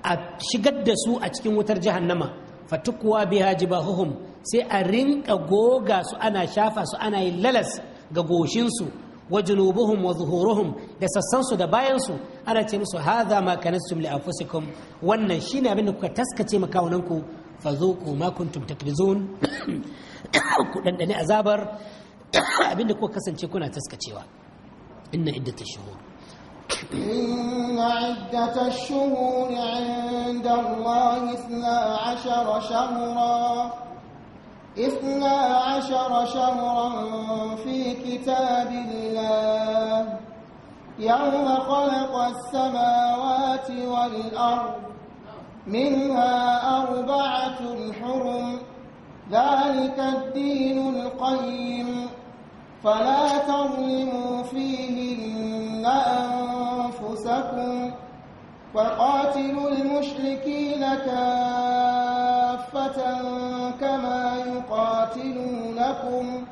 a shigar da su a cikin wutar jahannama fatukuwa biha huhum sai a rinka goga su ana shafa su ana yin lalas ga goshinsu wa junubuhum wa zuhuruhum da sassansu da bayansu ana ce musu hadha ma kanastum li anfusikum wannan shine abin da kuka taskace makawunanku fa zuqu ma kuntum takrizun ku dandane azabar abinda kuka kasance kuna taskacewa inna iddatash shuhur إن عدة الشهور عند الله اثنا عشر شهرا اثنا عشر شهرا في كتاب الله يوم خلق السماوات والأرض منها أربعة حرم ذلك الدين القيم فلا تظلموا فيهن أنفسكم وقاتلوا المشركين كافة كما يقاتلونكم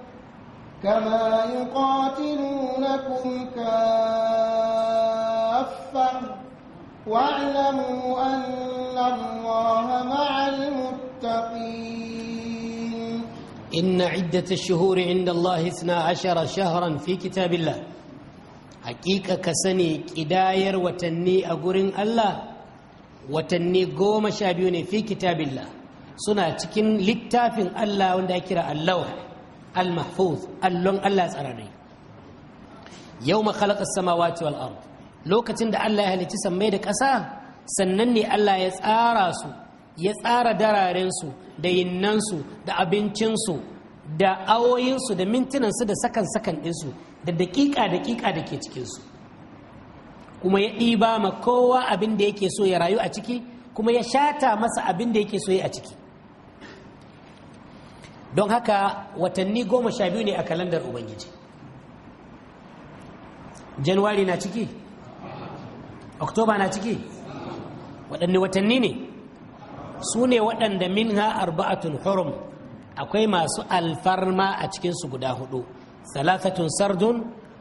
كما يقاتلونكم كافة واعلموا أن الله مع المتقين إن عدة الشهور عند الله اثنا عشر شهرا في كتاب الله حقيقة كسني كداير وتني أقرن الله وتني قوم شابيوني في كتاب الله سنة تكن للتافن الله وندكر اللوح المحفوظ اللون الله سأراني يوم خلق السماوات والأرض لو كتند الله هل تسمي دك أسا سنني الله يسارا سوء ya tsara dararensu da yinnansu da abincinsu da awoyinsu da mintunansu da sakan-sakan ɗinsu da daƙiƙa-daƙiƙa da ke cikinsu kuma ya ɗiba ma kowa abin da yake so ya rayu a ciki kuma ya shata masa abin da yake so ya a ciki don haka watanni goma sha biyu ne a kalandar ubangiji januwari na ciki oktoba na ciki waɗanne watanni ne su ne waɗanda minha arba'atun hurum akwai masu alfarma a cikinsu guda hudu salasatun sardun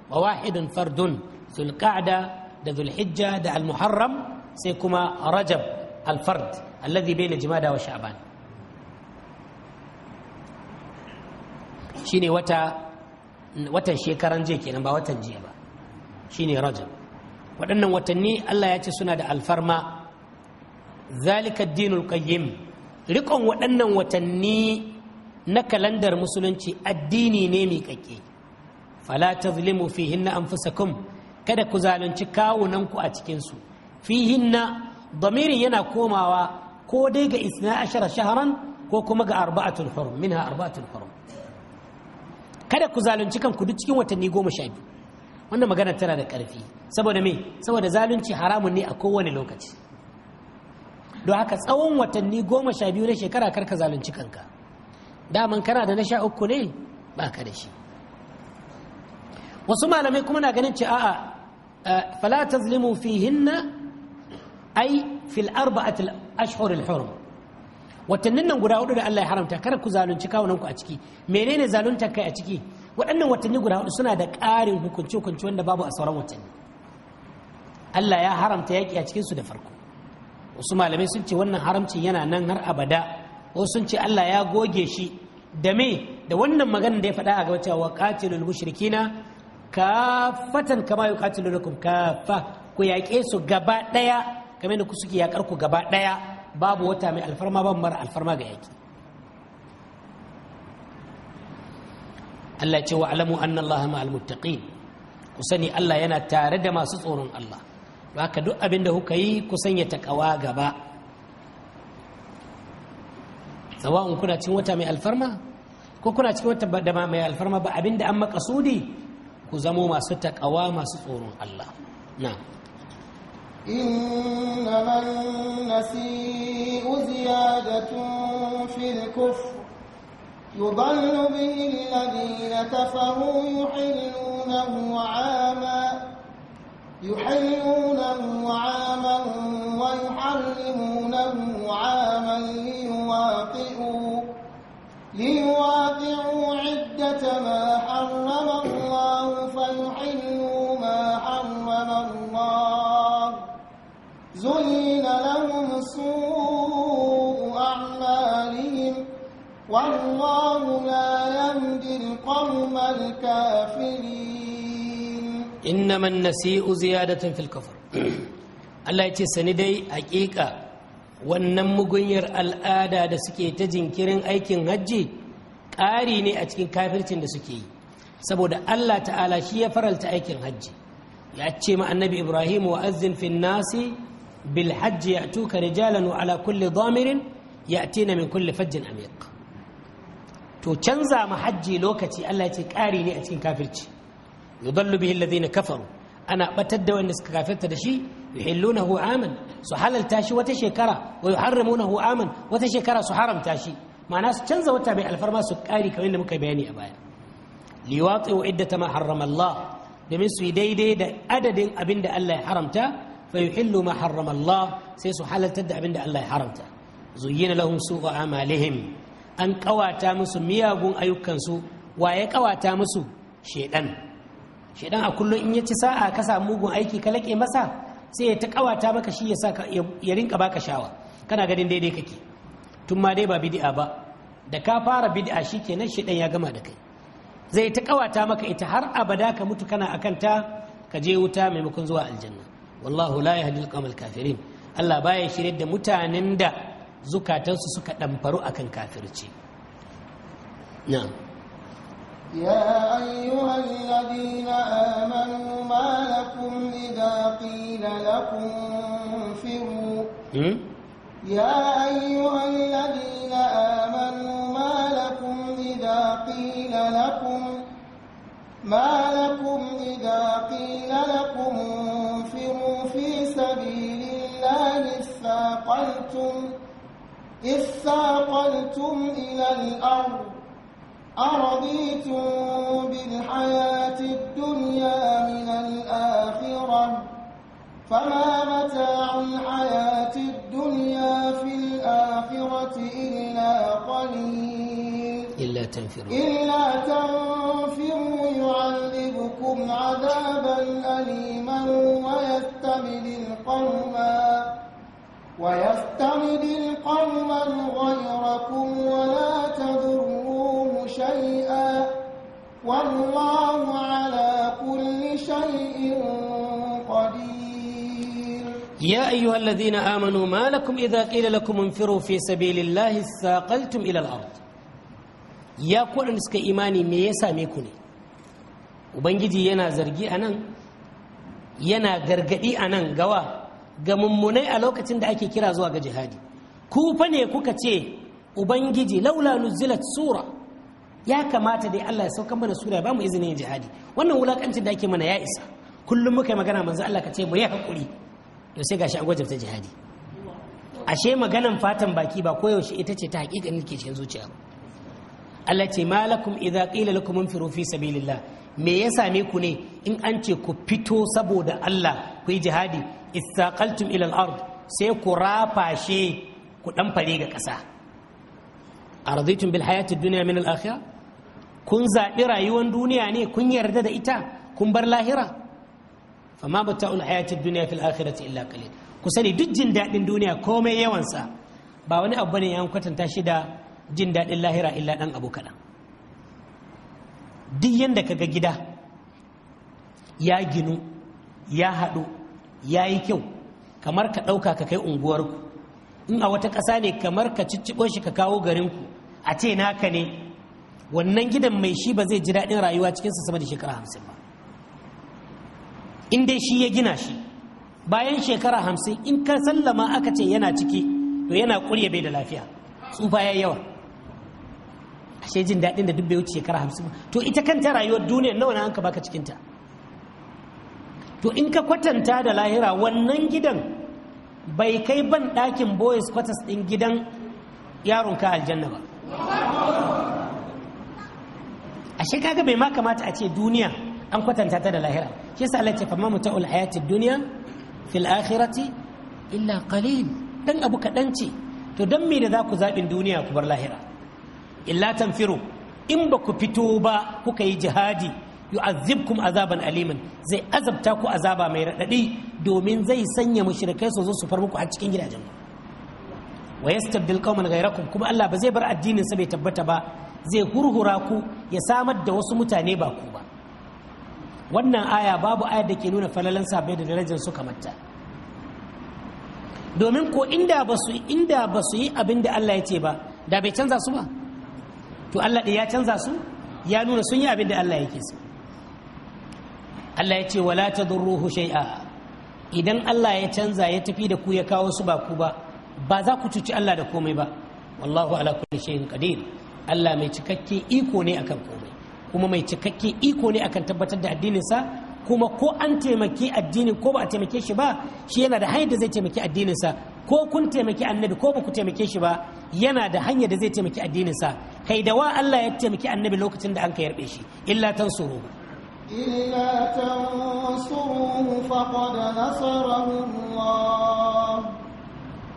wa wahidun fardun zulqa'da da zulhijja da almuharram sai kuma rajab alfard alladhi bayna jimada wa sha'ban shine wata watan shekaran kenan ba watan jiya ba shine rajab waɗannan watanni Allah ya ce suna da alfarma zalika dinul qayyim rikon waɗannan watanni na kalandar musulunci addini ne mai miƙaƙe fala tazlimu fihinna anfusakum kada ku zalunci kawunanku a cikinsu na damirin yana komawa ko dai ga isna ashara shaharan ko kuma ga arba'atul hurum minha arba'atul hurum kada ku zalunci kanku duk cikin watanni goma sha biyu wannan magana tana da ƙarfi saboda me saboda zalunci haramun ne a kowane lokaci don haka tsawon watanni goma sha biyu na shekara karka zalunci kanka daman kana da na sha uku ne ba ka da shi wasu malamai kuma na ganin ce a'a eh, fala tazlimu hinna ai fil arba'atil ashhuril hurum watannin nan guda hudu da Allah ya haramta kar ku zalunci kawunan ku a ciki menene zalunta kai a ciki waɗannan watanni guda hudu suna da ƙarin hukunci hukunci wanda babu a sauran watanni Allah ya haramta yaƙi a cikinsu da farko wasu malamai sun ce wannan haramcin yana nan har abada wasu sun ce Allah ya goge shi da me da wannan maganar da ya faɗa a gaba cewa qatilul mushrikina kafatan kama yuqatilunakum kafa ku yaƙe su gaba ɗaya kamar da ku suke yaƙar ku gaba ɗaya babu wata mai alfarma ban mara alfarma ga yaƙi Allah ce wa alamu anna Allah ma'al muttaqin ku sani Allah yana tare da masu tsoron Allah Ba ka duk abin da kuka yi ku sanya takawa gaba sawa'un kuna cikin wata mai alfarma ko kuna cikin wata da mai alfarma ba abin da an makasudi ku zamo masu takawa masu tsoron Allah na إنما النسيء زيادة في الكفر يضل به الذين كفروا يحلونه عاما يحلونه عاما ويحرمونه عاما ليواطئوا ليواطئوا عدة ما حرم الله فيحلوا ما حرم الله زين لهم سوء أعمالهم والله لا يهدي القوم الكافرين innaman nasi'u ziyadatun fil kafar Allah ya ce sani dai hakika wannan mugunyar al'ada da suke ta jinkirin aikin hajji ƙari ne a cikin kafircin da suke yi saboda Allah ta'ala shi ya faralta aikin hajji ya ce ma annabi Ibrahim wa azzin fin nasi bil hajji ya tuka rijalan wa ala kulli dhamirin ya tina min kulli fajjin amiq to canza ma hajji lokaci Allah ya ce ƙari ne a cikin kafirci yudallu bihi alladhina kafaru ana batar da wanda suka kafirta da shi yuhillunahu aman su halalta shi wata shekara wa yuharrimunahu aman wata shekara su haramta shi ma'ana su canza wata mai alfarma su kari kamar yadda muka bayani a baya liwatsi wa iddata ma harrama Allah domin su yi daidai da adadin abin da Allah ya haramta fa yuhillu ma harrama Allah sai su halaltar da abin da Allah ya haramta zuyyina lahum su'u amalihim an kawata musu miyagun ayyukansu wa ya kawata musu shedan shaidan a kullum in ya ci sa'a ka samu mugun aiki ka laƙe masa sai ya ta kawata maka shi ya rinka baka shawa kana ganin daidai kake tun ma dai ba bid'a ba da ka fara bid'a shikenan shaidan ya gama da kai zai ta kawata maka ita har abada ka mutu kana akan ta ka je wuta maimakon zuwa aljanna wallahu la yahdi al kafirin Allah baya shirye da mutanen da zukatansu suka ɗamfaru akan kafirci na'am يا أيها الذين آمنوا ما لكم إذا قيل لكم انفروا يا أيها الذين آمنوا ما لكم إذا قيل لكم ما لكم إذا قيل لكم انفروا في سبيل الله اثاقلتم اثاقلتم إلى الأرض أرضيتم بالحياة الدنيا من الآخرة فما متاع الحياة الدنيا في الآخرة إلا قليل إلا تنفروا إلا تنفروا يعذبكم عذابا أليما ويستبدل قوما ويستبدل قوما غيركم ولا تذروا شيئا والله على كل شيء قدير يا أيها الذين آمنوا ما لكم إذا قيل لكم انفروا في سبيل الله اثاقلتم إلى الأرض يا كون سك إيماني ميسا ميكوني ubangiji yana zargi a nan yana gargadi a nan gawa ga mummunai a lokacin da ake kira zuwa ga jihadi ku fa ne kuka ce ubangiji laula nuzilat sura ya kamata dai Allah ya sauka mana sura ya bamu izinin jihadi wannan wulakancin da ake mana ya isa kullum muka yi magana manzo Allah ka ce mu yi hakuri to sai gashi an gwajabta jihadi ashe maganan fatan baki ba koyaushe ita ce ta hakikanin ke cikin zuciya Allah ce malakum idza qila lakum anfiru fi sabilillah me ya same ku ne in an ce ku fito saboda Allah ku yi jihadi istaqaltum ila al-ard sai ku rafashe ku dan fare ga ƙasa araditum bil hayati dunya min al-akhirah kun zaɓi rayuwar duniya ne kun yarda da ita kun bar lahira fama ba ta'ul hayatid duniya fil akhirati illa qalil ku sani duk jin daɗin duniya komai yawansa ba wani abu bane yan kwatanta shi da jin daɗin lahira illa ɗan abu kaɗan duk yadda ka ga gida ya ginu ya haɗu ya yi kyau kamar ka ɗauka ka kai unguwarku in a wata ƙasa ne kamar ka cicciɓo shi ka kawo garinku a ce naka ne wannan gidan mai shi ba zai ji daɗin rayuwa cikinsa sama da shekara hamsin ba in dai shi ya gina shi bayan shekara hamsin in ka sallama aka ce yana ciki to yana ƙurya bai da lafiya tsufa ya yawa ashe jin daɗin da duk bai wuce shekara hamsin to ita kanta rayuwar duniya nawa na hanka ka baka cikinta to in ka kwatanta da lahira wannan gidan bai kai ban ɗakin boys quarters ɗin gidan yaron ka aljanna ba ashe kaga bai ma kamata a ce duniya an kwatanta ta da lahira shi yasa Allah ya ce fa mamu ta'ul hayatid dunya fil akhirati illa qalil dan abu kadan ce to dan me da za ku zabin duniya ku bar lahira illa tanfiru in ba ku fito ba kuka yi jihadi yu'azzibkum azaban aliman zai azabta ku azaba mai radadi domin zai sanya mushrikai su zo su far muku a cikin gidajen ku wa yastabdil qauman ghayrakum kuma Allah ba zai bar addinin sa bai tabbata ba zai hurhura ku ya samar da wasu mutane ba ku ba wannan aya babu aya da ke nuna falalan sabai da darajar su kamata domin ko inda ba su inda ba su yi abin da Allah ya ce ba da bai canza su ba to Allah ya canza su ya nuna sun yi abin da Allah yake so Allah ya ce wala tadurruhu shay'a idan Allah ya canza ya tafi da ku ya kawo su ba ku ba ba za ku cuci Allah da komai ba wallahu ala kulli shay'in qadir Allah mai cikakke iko ne akan komai kuma mai cikakke iko ne akan tabbatar da addininsa kuma ko an taimaki addinin ko ba a taimake shi ba shi yana da hanyar da zai taimaki addininsa ko kun taimaki annabi ko ba ku taimake shi ba yana da hanyar da zai taimaki addininsa kai da wa Allah ya taimaki annabi lokacin da an ka yarbe shi illa tansuru illa tansuru faqad nasarahu Allah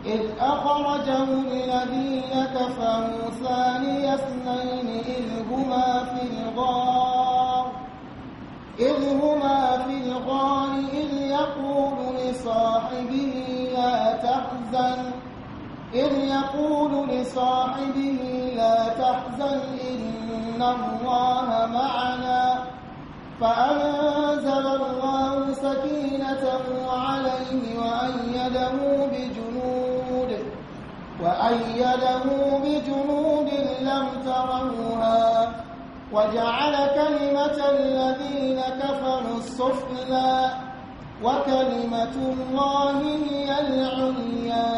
إذ أخرجه الذين كفروا ثاني اثنين إذ هما في الغار إذ هما في الغار إذ يقول لصاحبه لا تحزن إذ يقول لصاحبه لا تحزن إن الله معنا فأنزل الله سكينته عليه وأيده وأيده بجنود لم تروها وجعل كلمة الذين كفروا السفلى وكلمة الله هي العليا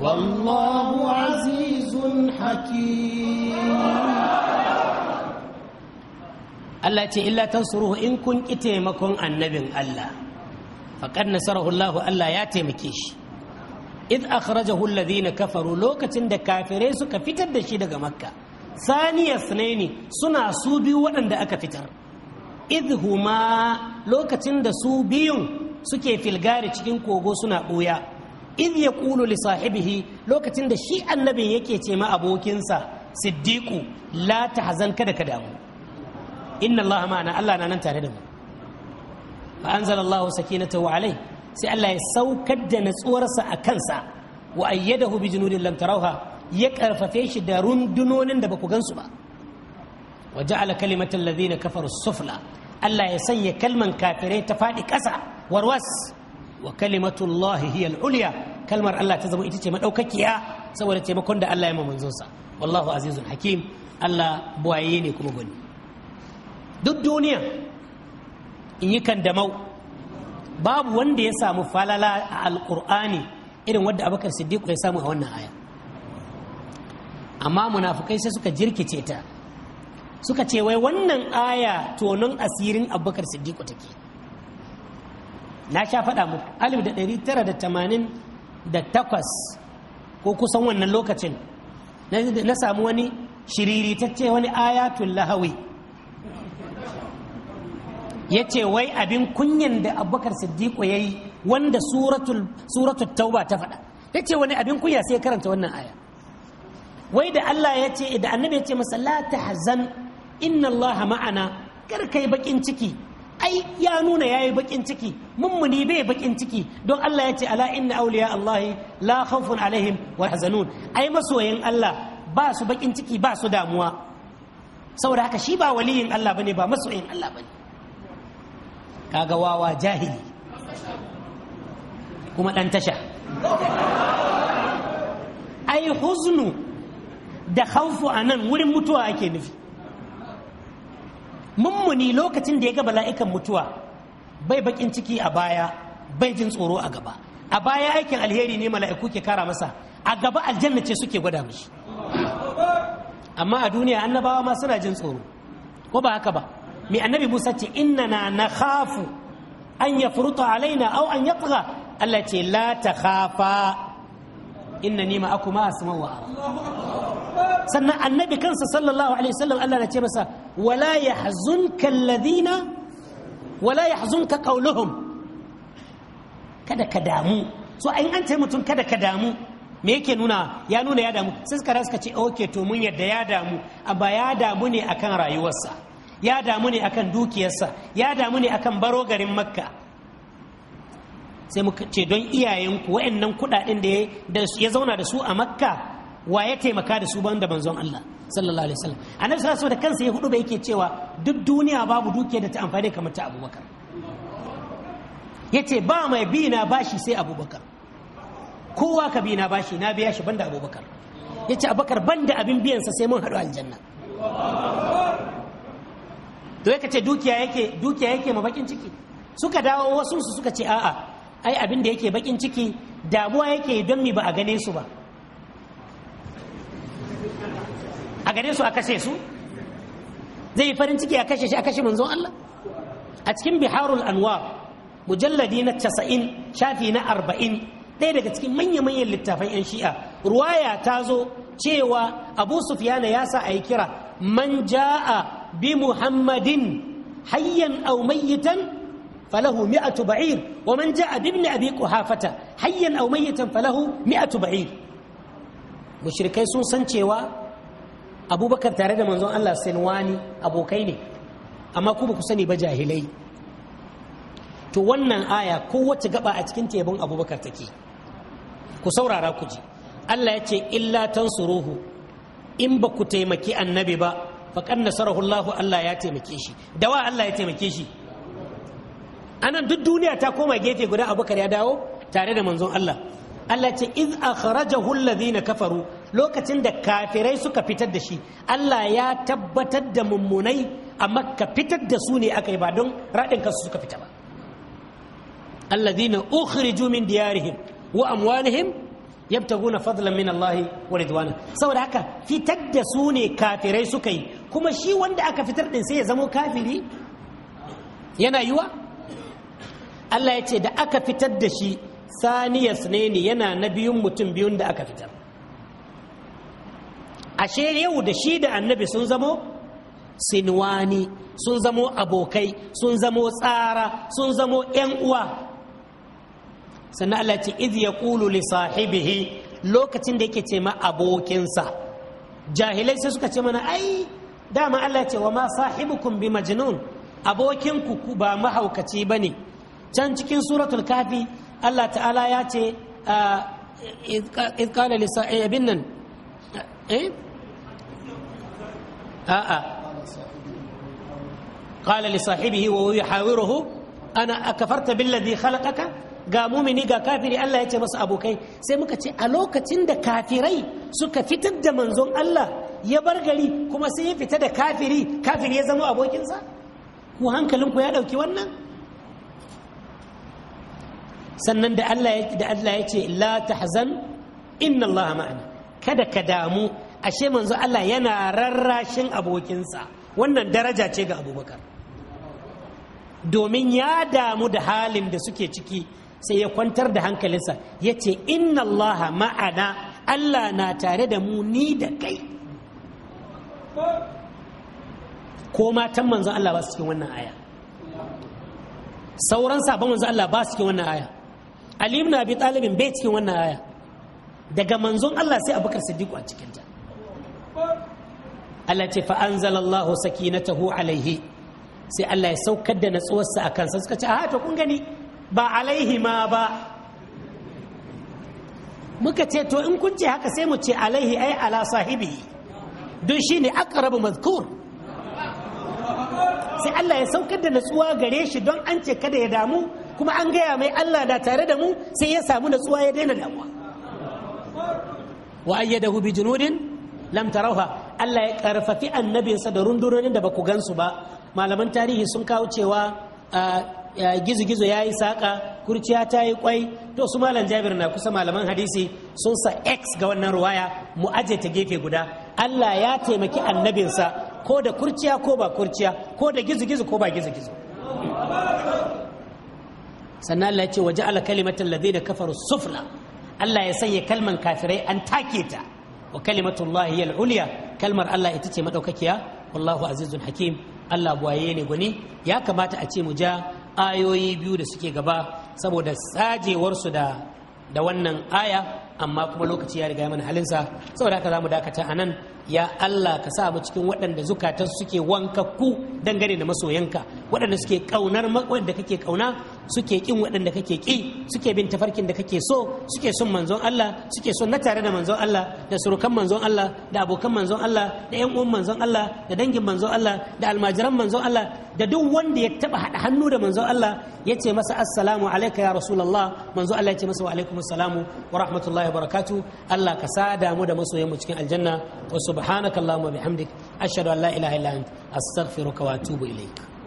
والله عزيز حكيم الله يتي إلا تنصروه إن كنت تيمكم النبي الله فقد نصره الله ألا يا id akhrajahu alladhina kafaru lokacin da kafirai suka fitar da shi daga makka saniya sunaini suna su biyu waɗanda aka fitar id huma lokacin da su biyun suke filgari cikin kogo suna ɓuya id ya ƙulu li sahibihi lokacin da shi annabin yake ce ma abokinsa siddiqu la tahzan kada ka damu inna allaha ma'ana allah na nan tare da mu fa anzala allahu sakinatahu alayhi sai Allah ya saukar da natsuwarsa a kansa wa ayyadahu bi junudin lam ya karfafe shi da rundunonin da baku gansu ba wa ja'ala kalimatal ladina kafaru sufla Allah ya sanya kalman kafirai ta faɗi ƙasa warwas wa kalimatullahi hiya al-ulya kalmar Allah ta zama ita ce madaukakiya saboda taimakon da Allah ya ma manzonsa wallahu azizun hakim Allah buwaye ne kuma gwani duk duniya in yi kan damau babu wanda ya samu falala a alkur'ani irin wadda abokan siddiku ya samu a wannan aya amma munafukai sai suka jirkice ta suka ce wai wannan aya tonon asirin abubakar siddiq take na sha faɗa muku alif da ɗari tara da tamanin da takwas ko kusan wannan lokacin na samu wani shiriritacce wani ayatul lahawi ya ce wai abin kunyan da abubakar Siddiqo ya yi wanda suratul tauba ta faɗa ya ce wani abin kunya sai karanta wannan aya wai da Allah ya ce da annabi ya ce masa la tahzan inna Allah ma'ana kar kai bakin ciki ai ya nuna yayi bakin ciki mummuni bai bakin ciki don Allah ya ce ala inna awliya Allah la khawfun alaihim wa yahzanun ai masoyan Allah ba su bakin ciki ba su damuwa saboda haka shi ba waliyin Allah bane ba masoyan Allah bane kaga wawa jahili kuma ɗan tasha ai huznu da haufu anan wurin mutuwa ake nufi mummuni lokacin da ya ga bala'ikan mutuwa bai bakin ciki a baya bai jin tsoro a gaba a baya aikin alheri ne mala'iku ke kara masa a gaba aljanna ce suke gwada mishi amma a duniya annabawa ma suna jin tsoro ko ba haka ba mai annabi musa ce inna na na khafu an ya furuta alaina au an ya tsaga allah ce la ta khafa inna ni ma aku ma asman wa sannan annabi kansa sallallahu alaihi wasallam allah na ce masa wala ya yahzunka alladhina wala ya yahzunka qawluhum kada ka damu so in an ce mutum kada ka damu me yake nuna ya nuna ya damu sai suka ce ok to mun yadda ya damu a ba ya damu ne akan rayuwarsa ya damu ne akan dukiyarsa ya damu ne akan baro garin makka sai muka ce don iyayenku wa'annan kuɗaɗen da ya zauna da su a makka wa ya taimaka da su banda manzon Allah sallallahu alaihi wasallam annabi sallallahu alaihi da kansa ya hudu ba yake cewa duk duniya babu dukiyar da ta amfani kamar ta Abubakar yace ba mai bi na bashi sai Abubakar kowa ka bi na bashi na biya shi banda Abubakar yace Abubakar banda abin biyan sa sai mun hadu aljanna to ya ce dukiya yake dukiya yake ma bakin ciki suka dawo wasu su suka ce a'a ai abin da yake bakin ciki damuwa yake don mi ba a gane su ba a gane su a kashe su zai yi farin ciki a kashe shi a kashe manzon Allah a cikin biharul anwar mujalladi na casa'in shafi na arba'in ɗaya daga cikin manya-manyan littafan 'yan shi'a ruwaya ta zo cewa abu sufiyana ya sa a yi kira man ja'a بمحمد حيا أو ميتا فله مئة بعير ومن جاء بابن أبي قحافة حيا أو ميتا فله مئة بعير مشركي سن san cewa abubakar tare da manzon Allah sinwani abokai ne amma ku ku sani ba jahilai to wannan aya kowace gaba a cikin tebun abubakar take ku saurara ku ji Allah ya ce illa tansuruhu in ba ku taimaki annabi ba faqad nasarahu Allah Allah ya taimake shi da wa Allah ya taimake shi anan duk duniya ta koma gefe guda Abubakar ya dawo tare da manzon Allah Allah ce iz akhrajahu alladhina kafaru lokacin da kafirai suka fitar da shi Allah ya tabbatar da mummunai amma ka fitar da su ne aka yi ba don raɗin kansu suka fita ba alladhina ukhriju min diyarihim wa amwalihim yabtaguna fadlan min wa ridwana saboda haka fitar da su ne kafirai suka yi kuma shi wanda aka fitar din sai ya zamo kafiri yana yiwa Allah ya ce da aka fitar da shi saniyas ne ne yana na biyun mutum biyun da aka fitar ashe yau da shi da annabi sun zamo sinwani sun zamo abokai sun zamo tsara sun zamo 'yan uwa sannan Allah ya ce iz yaqulu li sahibihi lokacin da yake ce ma abokinsa jahilai sai suka ce mana ai dama Allah ya ce wa ma sahibukum bi majnun abokinku ku ba mahaukaci bane can cikin suratul kafi Allah ta'ala ya ce iz qala li sahibin nan eh a'a qala li sahibihi wa huwa yuhawiruhu ana akafarta billadhi khalaqaka ga mumini ga kafiri Allah ya ce masa abokai sai muka ce a lokacin da kafirai suka fitar da manzon Allah ya bar gari kuma sai ya fita da kafiri kafiri ya zama abokinsa ku hankalinku ya ɗauki wannan sannan da Allah da Allah ya ce la tahzan inna Allah ma'ana kada ka damu ashe manzo Allah yana rarrashin abokinsa wannan daraja ce ga abubakar domin ya damu da halin da suke ciki sai ya kwantar da hankalinsa ya ce inna allaha ma'ana allah na tare da mu ni da kai ko matan manzon allah ba su cikin wannan aya sauran sabon manzon allah ba su cikin wannan aya ali na abi talibin bai cikin wannan aya daga manzon allah sai abubakar siddiq a cikinta Allah ce fa anzalallahu sakinatahu alaihi sai Allah ya saukar da natsuwarsa a kansa suka ce a to kun gani ba ma ba muka ce to in kun ce haka sai mu ce alaihi ai ala sahibi don shi ne aqrabu mazkur sai Allah ya saukar da natsuwa gare shi don an ce kada ya damu kuma an gaya mai Allah na tare da mu sai ya samu natsuwa ya daina damuwa wa ayyadahu bi junudin lam tarauha Allah ya karfafi annabinsa da rundunonin da ba ku gansu ba malaman tarihi sun kawo cewa ah, gizo-gizo ya yi saƙa kurciya ta yi kwai to su malam jabir na kusa malaman hadisi sun sa x ga wannan ruwaya mu aje ta gefe guda allah ya taimaki annabinsa ko da kurciya ko ba kurciya ko da gizo-gizo ko ba gizo-gizo sannan allah ya ce waje ala kalimatan da kafar sufla allah ya sanya kalman kafirai an take ta wa kalimatullahi yal uliya kalmar allah ita ce madaukakiya wallahu azizun hakim Allah buwaye ne gwani ya kamata a ce mu ja ayoyi biyu da suke gaba saboda sajewarsu da da wannan aya amma kuma lokaci ya riga mana halinsa saboda haka za mu dakata anan, ya Allah ka sa mu cikin waɗanda zukatan suke wankakku dangane da masoyanka waɗanda suke ƙaunar waɗanda kake ƙauna suke ƙin waɗanda kake ki suke bin tafarkin da kake so suke son manzon Allah suke son na tare da manzon Allah da surukan manzon Allah da abokan manzon Allah da ƴan uwan manzon Allah da dangin manzon Allah da almajiran manzon Allah da duk wanda ya taba haɗa hannu da manzon Allah ya ce masa assalamu alayka ya rasulullah manzon Allah ya ce masa wa alaikum assalamu wa rahmatullahi wa barakatuh Allah ka sada mu da masoyan mu cikin aljanna wa subhanakallahumma bihamdik ashhadu an la ilaha illa anta astaghfiruka wa atubu ilaik